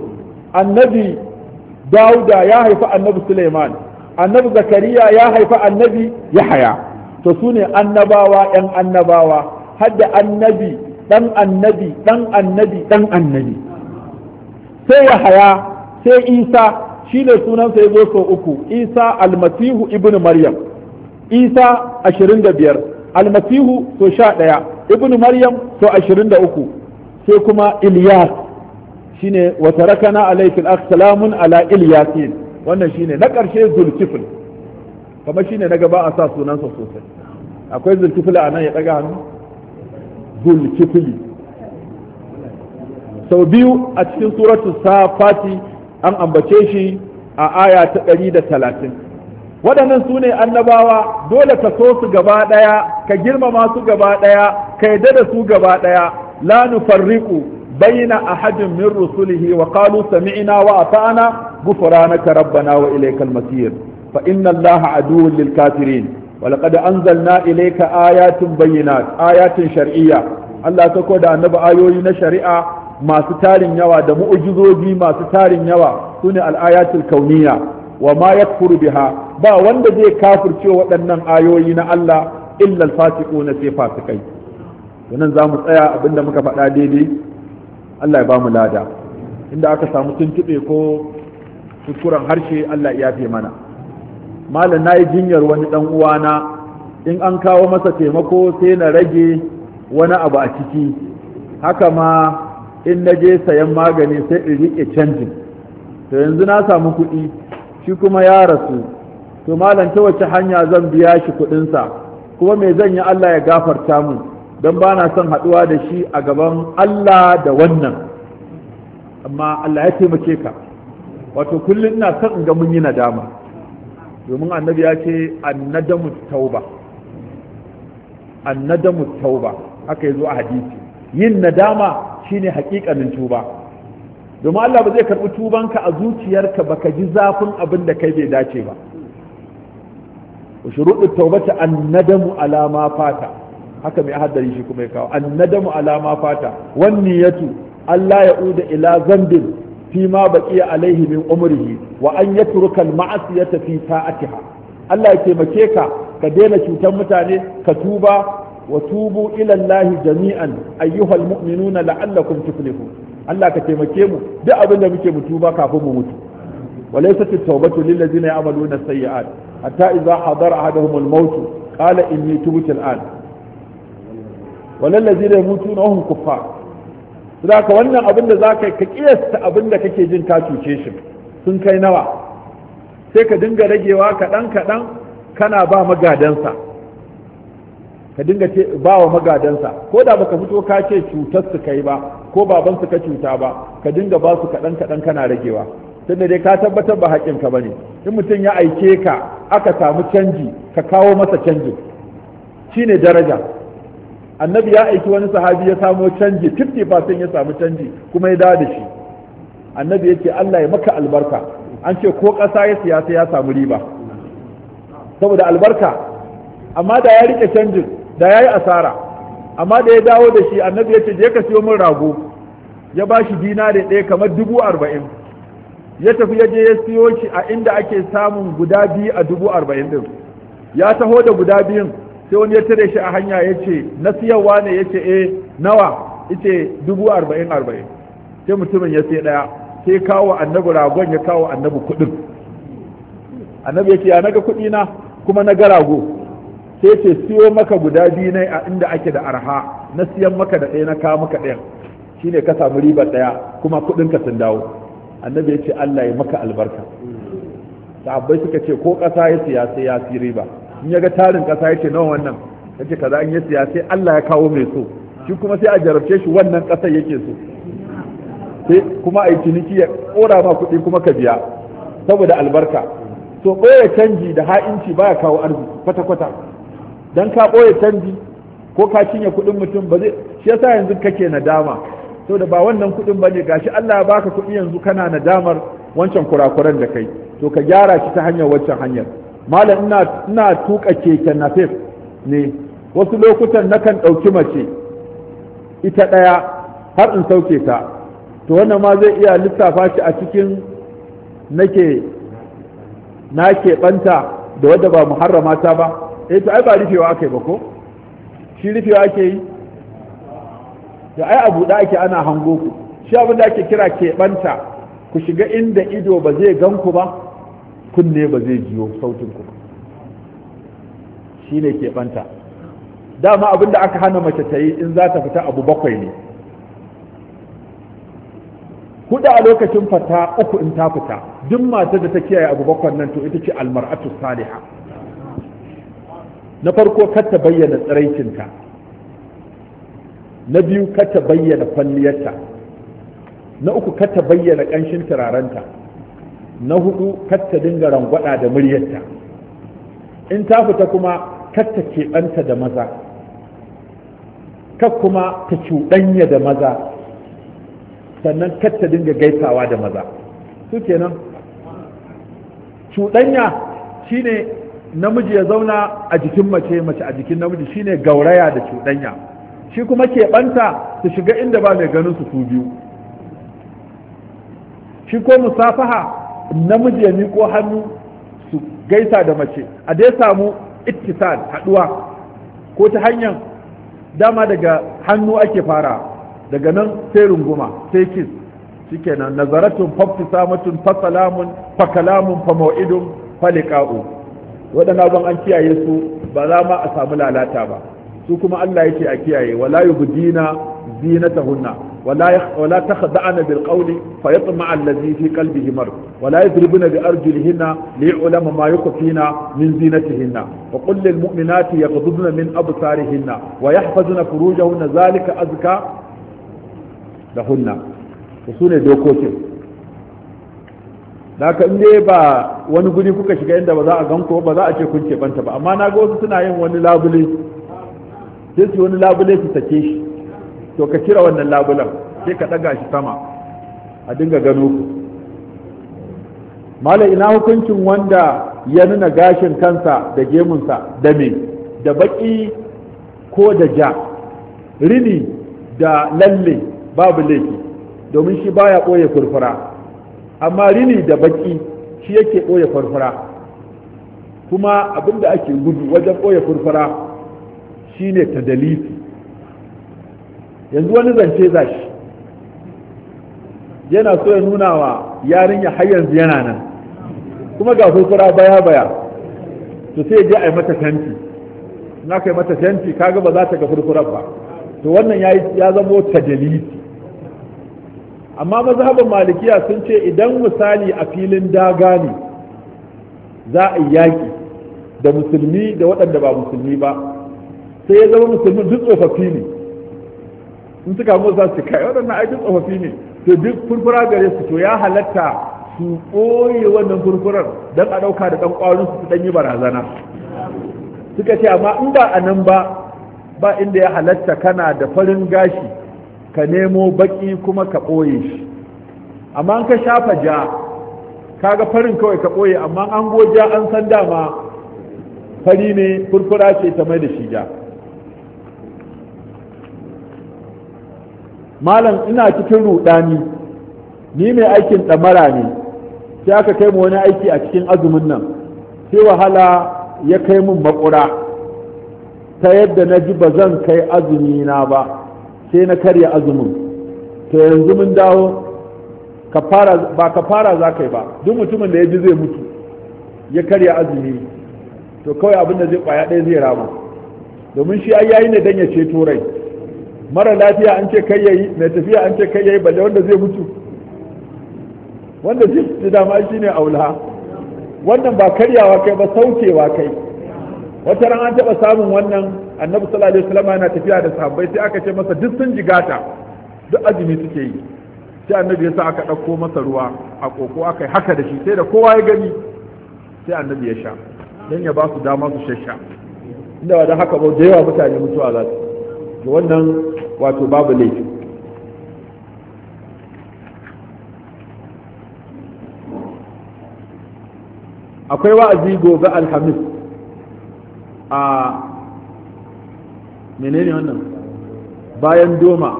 annabi dauda ya haifi annabi suleiman annabi zakariya ya haifi annabi yahaya to su ne annabawa yan annabawa hadda annabi ɗan annabi ɗan annabi ɗan annabi sai yahaya sai isa shi ne sunansa ya zo sau uku isa almasihu ibn maryam isa ashirin da biyar almasihu so sha ɗaya ibnu maryam to ashirin da uku sai kuma ilyas shine wa tarakana alayka al salamun ala ilyasin wannan shine na karshe zulkifl kuma shine na gaba a sa sunansa sosai akwai zulkifl a nan ya daga hannu zulkifli sau biyu a cikin suratu safati an ambace shi a aya ta ɗari da talatin waɗannan su ne annabawa dole ka so su gaba ɗaya ka girmama su gaba ɗaya ka yadda da su gaba ɗaya la nufarriqu baina ahadin min rusulihi wa qalu sami'na wa ata'na غفرانك ربنا وإليك المصير فإن الله عدو للكافرين ولقد أنزلنا إليك آيات بينات آيات شرعية الله تقول أنب آيوين شريعة ما ستارن يوى دم أجزوجي ما ستارن يوى سنة الآيات الكونية وما يكفر بها با وند زي كافر شو وأنن آيوين الله إلا الفاسقون في فاسقين وننزام الآية أبن مكفأ ديدي Allah ya ba mu lada inda aka samu tuntube ko kuskuren harshe Allah ya fi mana malam na yi jinyar wani dan uwana in an kawo masa taimako sai na rage wani abu a ciki haka ma in na je sayan magani sai in riƙe canjin to yanzu na samu kuɗi shi kuma ya rasu to malam ta wace hanya zan biya shi kuɗinsa kuma me zan yi Allah ya gafarta mu don ba na son haɗuwa da shi a gaban Allah da wannan amma Allah ya taimake ka wato kullum ina son in ga mun yi nadama domin annabi ya ce annadamu tauba annadamu tauba haka yazo a hadisi yin nadama shine hakikanin tuba domin Allah ba zai karɓi tubanka a zuciyarka ba ka ji zafin abin da kai bai dace ba shuruɗin taubata annadamu nadamu alama fata haka mai haddari shi kuma ya kawo annadamu alama fata wan niyatu Allah ya uda ila zambin fi ma baqiya alaihi min umrihi wa an yatruka al ma'siyata fi ta'atiha Allah ya taimake ka ka daina cutar mutane ka tuba wa tubu ila Allah jami'an ayyuhal mu'minuna la'allakum tuflihun Allah ka taimake mu duk abin da muke mu tuba kafin mu mutu وليست التوبة للذين يعملون السيئات حتى إذا حضر أحدهم الموت قال إني تبت an walallazi da mutu na hun kufa za ka wannan abin da za ka ka kiyasta abin da kake jin ka cuce shi sun kai nawa sai ka dinga ragewa kaɗan kaɗan kana ba magadansa ka dinga ba wa magadansa ko da baka fito ka ce cutar su kai ba ko baban su ka cuta ba ka dinga ba su kaɗan kaɗan kana ragewa tunda dai ka tabbatar ba haƙƙin ka ne, in mutum ya aike ka aka samu canji ka kawo masa canji shine daraja annabi ya aiki wani sahabi ya samo canji 50% ya samu canji kuma ya dawo da shi annabi ya ce Allah ya maka albarka an ce ko ƙasa ya siyasa ya samu riba saboda albarka amma da ya rike canjin da ya yi asara amma da ya dawo da shi annabi ya ce je ka siyo min rago ya ba shi dinari ɗaya kamar dubu arba'in ya tafi ya je ya siyo shi a inda ake samun guda biyu a dubu arba'in ɗin ya taho da guda biyun sai wani ya tare shi a hanya ya ce na siyarwa ne ya ce eh nawa ita dubu arba'in arba'in sai mutumin ya sai ɗaya sai kawo annabi ragon ya kawo annabi kuɗin annabi ya ce ya naga kuɗi na kuma na ga rago sai ce siyo maka guda biyu ne a inda ake da arha na siyan maka da ɗaya na kawo maka ɗaya shine ka samu ribar ɗaya kuma kuɗin ka sun dawo annabi ya ce Allah ya maka albarka sahabbai suka ce ko ƙasa ya siya sai ya fi riba in ya ga tarin kasa ya ce nawa wannan ya ce kaza in yi siya sai Allah ya kawo mai so shi kuma sai a jarabce shi wannan kasar yake so sai kuma a yi ciniki ya kora ma kuɗi kuma ka biya saboda albarka to ɓoye canji da ha'inci ya kawo arziki kwata-kwata dan ka ɓoye canji ko ka cinye kuɗin mutum ba zai shi yasa yanzu kake nadama saboda ba wannan kuɗin ba bane gashi Allah ya baka kuɗi yanzu kana nadamar wancan kurakuran da kai to ka gyara shi ta hanyar waccan hanyar malam ina tuka keken nafif ne wasu lokutan na kan ɗauki mace ita ɗaya har in sauke ta to wannan ma zai iya lissafa shi a cikin nake na keɓanta da wadda ba muharrama ta ba eh to ai ba rufewa aka yi ba ko shi rufewa ake yi da ai abu da ake ana hango ku shi abin da ake kira keɓanta ku shiga inda ido ba zai gan ku ba kunne ba zai jiyo sautin ku ne ke banta dama abin da aka hana mace ta yi in za ta fita abu bakwai ne huda a lokacin fata uku in ta fita duk matar da ta kiyaye abu bakwai nan to ita ce almar'atu saliha na farko kar ta bayyana tsiraicinta na biyu kar ta bayyana kwalliyarta na uku kar ta bayyana ƙanshin turarenta na hudu katta dinga rangwada da muryarta in ta fita kuma katta keɓanta da maza ka kuma ta cuɗanya da maza sannan katta dinga gaisawa da maza su kenan cuɗanya shine namiji ya zauna a jikin mace mace a jikin namiji shine gauraya da cuɗanya shi kuma keɓanta su shiga inda ba mai ganin su su biyu shi ko musafaha namiji ya miko hannu su gaisa da mace a dai samu ittisal haduwa ko ta hanyar dama daga hannu ake fara daga nan sai runguma sai kiss shikenan nazaratun Kalamun, fasalamun fakalamun fa faliqa'u Wadana ban an kiyaye su ba za ma a samu lalata ba su kuma Allah yake a kiyaye wala yubdina zinatahunna ولا ولا تخدعن بالقول فيطمع الذي في قلبه مرض ولا يضربن بارجلهن ليعلم ما يخفين من زينتهن وقل للمؤمنات يغضضن من ابصارهن ويحفظن فروجهن ذلك ازكى لهن وسنه دوكوتين da haka inda ba wani guri kuka shiga inda ba za a ganko ba za a ce kun ce banta ba amma na ga wasu suna yin wani labule sai su wani labule su sake shi to ka kira wannan labulan sai ka ɗaga shi sama a dinga gano ku mala ina hukuncin wanda ya nuna gashin kansa da gemunsa da me da baki ko da ja rini da lalle babu laifi domin shi baya ɓoye furfura amma rini da baki shi yake ɓoye furfura kuma abinda ake gudu wajen ɓoye furfura shine ta yanzu wani zance za shi yana so ya nuna wa yarinya har yanzu yana nan kuma ga kurkura baya baya to sai ya je a yi mata tanti na yi mata tanti kaga ba za ta ga kurkurar ba to wannan ya zamo tajaliti amma mazhabin malikiya sun ce idan misali a filin daga ne za a yi yaƙi da musulmi da waɗanda ba musulmi ba sai ya zama musulmi duk tsofaffi ne in suka mu za su kai waɗannan aikin tsofaffi ne to duk furfura gare su to ya halatta su ɓoye wannan furfurar don a ɗauka da ɗan ƙwarin su ɗan yi barazana suka ce amma in ba a nan ba ba inda ya halatta kana da farin gashi ka nemo baƙi kuma ka ɓoye shi amma an ka shafa ja kaga farin kawai ka ɓoye amma an goja an san dama fari ne furfura ce ta mai da shi ja malam ina cikin rudani ni mai aikin ɗamara ne sai aka kai mu wani aiki a cikin azumin nan sai wahala ya kai mun makura ta yadda na ji ba zan kai azumi na ba sai na karya azumin to yanzu mun dawo ba ka fara za kai ba duk mutumin da ya ji zai mutu ya karya azumi to kawai abin da zai kwaya ɗaya zai rama domin shi ai yayi ne dan ya ceto rai mara lafiya an ce kai yayi mai tafiya an ce kai yayi balle wanda zai mutu wanda zai dama ne aula wannan ba karyawa kai ba saukewa kai wata ran an taɓa samun wannan annabi sallallahu alaihi wasallam yana tafiya da sahabbai sai aka ce masa duk sun jigata duk azumi suke yi sai annabi ya sa aka ɗauko masa ruwa a koko aka yi haka da shi sai da kowa ya gani sai annabi ya sha don ya ba su dama su shasha inda ba da haka ba da yawa mutane mutuwa za su wannan wato babu laifi akwai wa'azi gobe alhamis a menene wannan bayan doma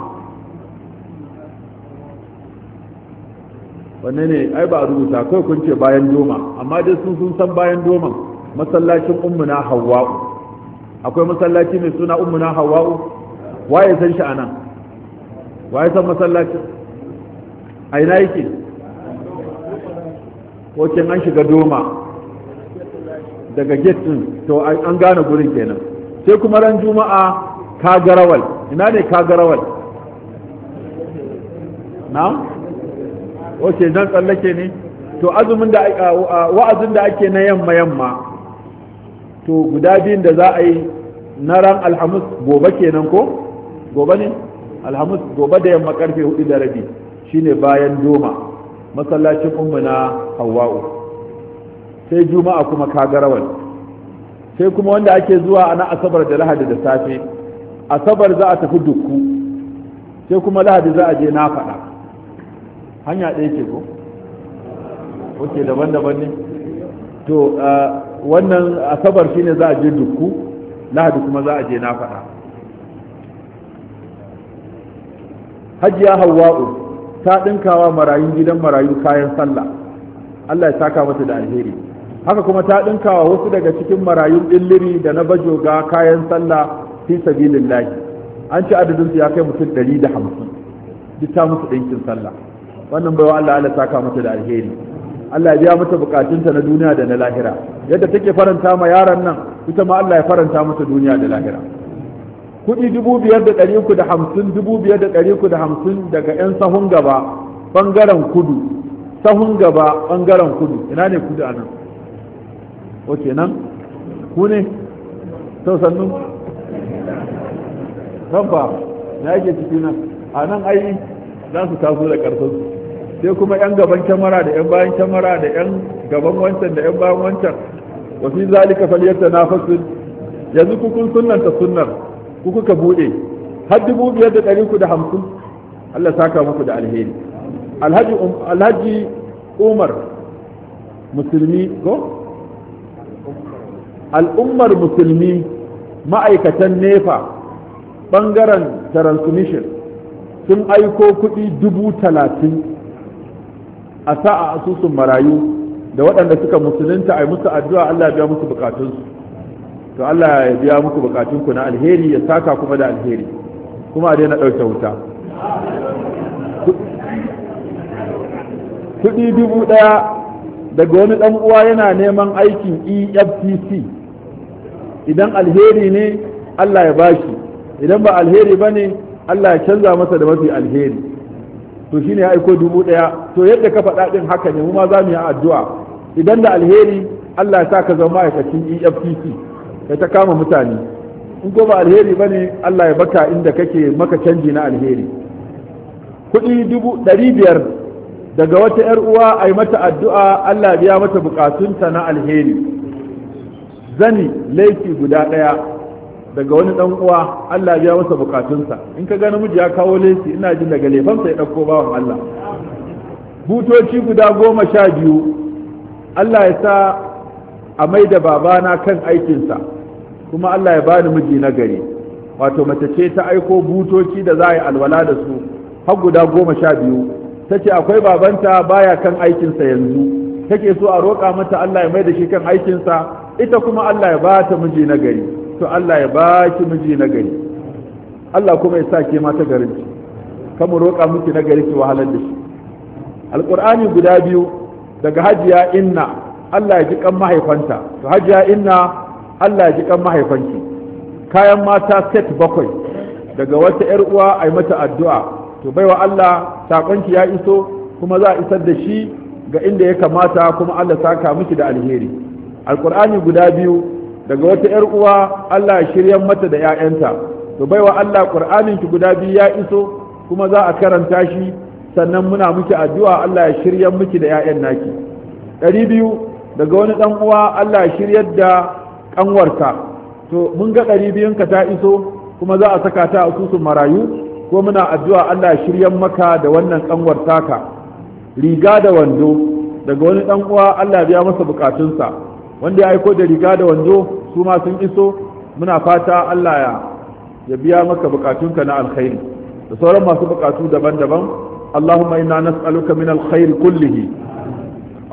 wanne ne ai ba a rubuta kawai kun ce bayan doma amma dai sun sun san bayan doman masallacin ummuna hawa'u akwai masallaci mai suna ummuna hawa'u waye san shi anan waye san masallacin a ina yake wakin an shiga doma daga gate to an gane gurin kenan sai kuma ran juma'a ka garawal ina ne ka garawal na? ok nan tsallake ne to azumin da wa'azin da ake na yamma yamma to guda biyun da za a yi na ran alhamis gobe kenan ko gobe ne alhamis gobe da yamma karfe hudu da rabi shine bayan juma masallacin ummu na hawa'u sai juma'a kuma kagarawan sai kuma wanda ake zuwa ana asabar da lahadi da safe asabar za a tafi dukku sai kuma lahadi za a je na faɗa hanya ɗaya ke ko ok daban-daban ne to wannan asabar shine za a je dukku lahadi kuma za a je na faɗa hajiya hawa'u ta dinkawa marayun gidan marayu kayan sallah Allah ya saka mata da alheri haka kuma ta ɗinkawa wasu daga cikin marayun dilliri da na ga kayan sallah fi sabilillahi an ci adadin su ya kai mutum ɗari da hamsin duk ta musu ɗinkin sallah wannan baiwa Allah Allah saka mata da alheri Allah ya biya mata bukatunta na duniya da na lahira yadda take faranta ma yaran nan ita ma Allah ya faranta mata duniya da lahira kuɗi dubu biyar da ɗari uku da hamsin dubu biyar da ɗari uku da hamsin daga 'yan sahun gaba ɓangaren kudu sahun gaba ɓangaren kudu ina ne kudu a nan ok nan ku ne sau sannu kan ba na yake ciki nan a nan ai za su taso da ƙarfin? sai kuma 'yan gaban kyamara da 'yan bayan kyamara da 'yan gaban wancan da 'yan bayan wancan wasu zalika ta na fasul yanzu kukun sunanta sunnar ku kuka buɗe. har dubu biyar da ɗari ku da hamsin Allah saka muku da alheri alhaji um, alhaji umar musulmi ko al'ummar musulmi ma'aikatan nefa ɓangaren transmission sun aiko kuɗi dubu talatin a sa'a asusun marayu da waɗanda suka musulunta a yi musu addu'a Allah biya musu bukatunsu to Allah ya biya muku bukatun ku na alheri ya saka kuma da alheri kuma dai na dauke wuta kudi dubu daya daga wani ɗan uwa yana neman aikin EFCC idan alheri ne Allah ya bashi idan ba alheri ba ne Allah ya canza masa da mafi alheri to shine ya aiko dubu ɗaya to yadda ka faɗa din haka ne mu ma za mu yi addu'a idan da alheri Allah ya sa ka zama ma'aikacin EFCC ya ta kama mutane in ko ba alheri ba ne allah ya baka inda kake maka canji na alheri kudi dubu ɗari biyar daga wata ‘yar uwa a yi mata addu'a allah biya mata bukatunta na alheri zani laifi guda ɗaya daga wani dan uwa Allah ya masa bukatunsa in ka ga namiji ya kawo laifi ina jin daga laifansa ya dauko bawan Allah butoci guda goma sha biyu Allah ya sa a mai da babana kan aikinsa kuma Allah ya bani miji na gari wato mace ce ta aiko butoci da za a yi alwala da su har guda goma sha biyu ta ce akwai babanta baya kan aikinsa yanzu take so a roƙa mata Allah ya mai da shi kan aikinsa ita kuma Allah ya ba ta miji na gari to Allah ya ba ki miji na gari Allah kuma ya sa ke mata garin ki kamar roƙa miki na gari ki wahalar da shi alƙur'ani guda biyu daga hajiya inna Allah ya ji kan mahaifanta to hajiya inna Allah ya ji kan mahaifanki kayan mata set bakwai daga wata yar uwa ai mata addu'a to baiwa Allah sakonki ya iso kuma za a isar da shi ga inda ya kamata kuma Allah saka miki da alheri alqur'ani guda biyu daga wata yar uwa Allah ya shiryan mata da 'ya'yanta to baiwa Allah qur'anin ki guda biyu ya iso kuma za a karanta shi sannan muna miki addu'a Allah ya shiryan miki da 'ya'yan naki ɗari biyu daga wani ɗan uwa Allah shiryar da kanwarka to mun ga ɗari biyun ka ta iso kuma za a saka ta a susun marayu ko muna addu'a Allah shiryar maka da wannan kanwar taka riga da wando daga wani ɗan uwa Allah biya masa bukatunsa wanda ya aiko da riga da wando su ma sun iso muna fata Allah ya ya biya maka bukatunka na alkhairi da sauran masu bukatu daban-daban Allahumma inna nas'aluka min alkhairi kullihi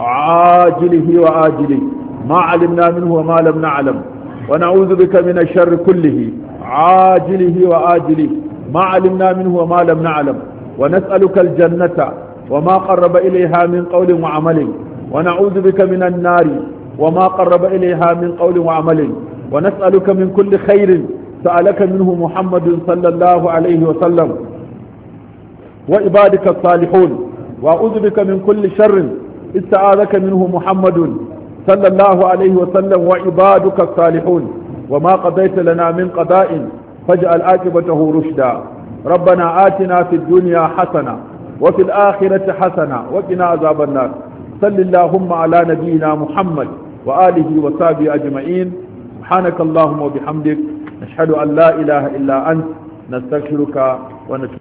عاجله وآجله ما علمنا منه وما لم نعلم ونعوذ بك من الشر كله عاجله وآجله ما علمنا منه وما لم نعلم ونسألك الجنة وما قرب إليها من قول وعمل ونعوذ بك من النار وما قرب إليها من قول وعمل ونسألك من كل خير سألك منه محمد صلى الله عليه وسلم وإبادك الصالحون وأعوذ بك من كل شر استعاذك منه محمد صلى الله عليه وسلم وعبادك الصالحون وما قضيت لنا من قضاء فاجعل عاقبته رشدا ربنا آتنا في الدنيا حسنة وفي الآخرة حسنة وقنا عذاب النار صل اللهم على نبينا محمد وآله وصحبه أجمعين سبحانك اللهم وبحمدك نشهد أن لا إله إلا أنت نستغفرك ونتوب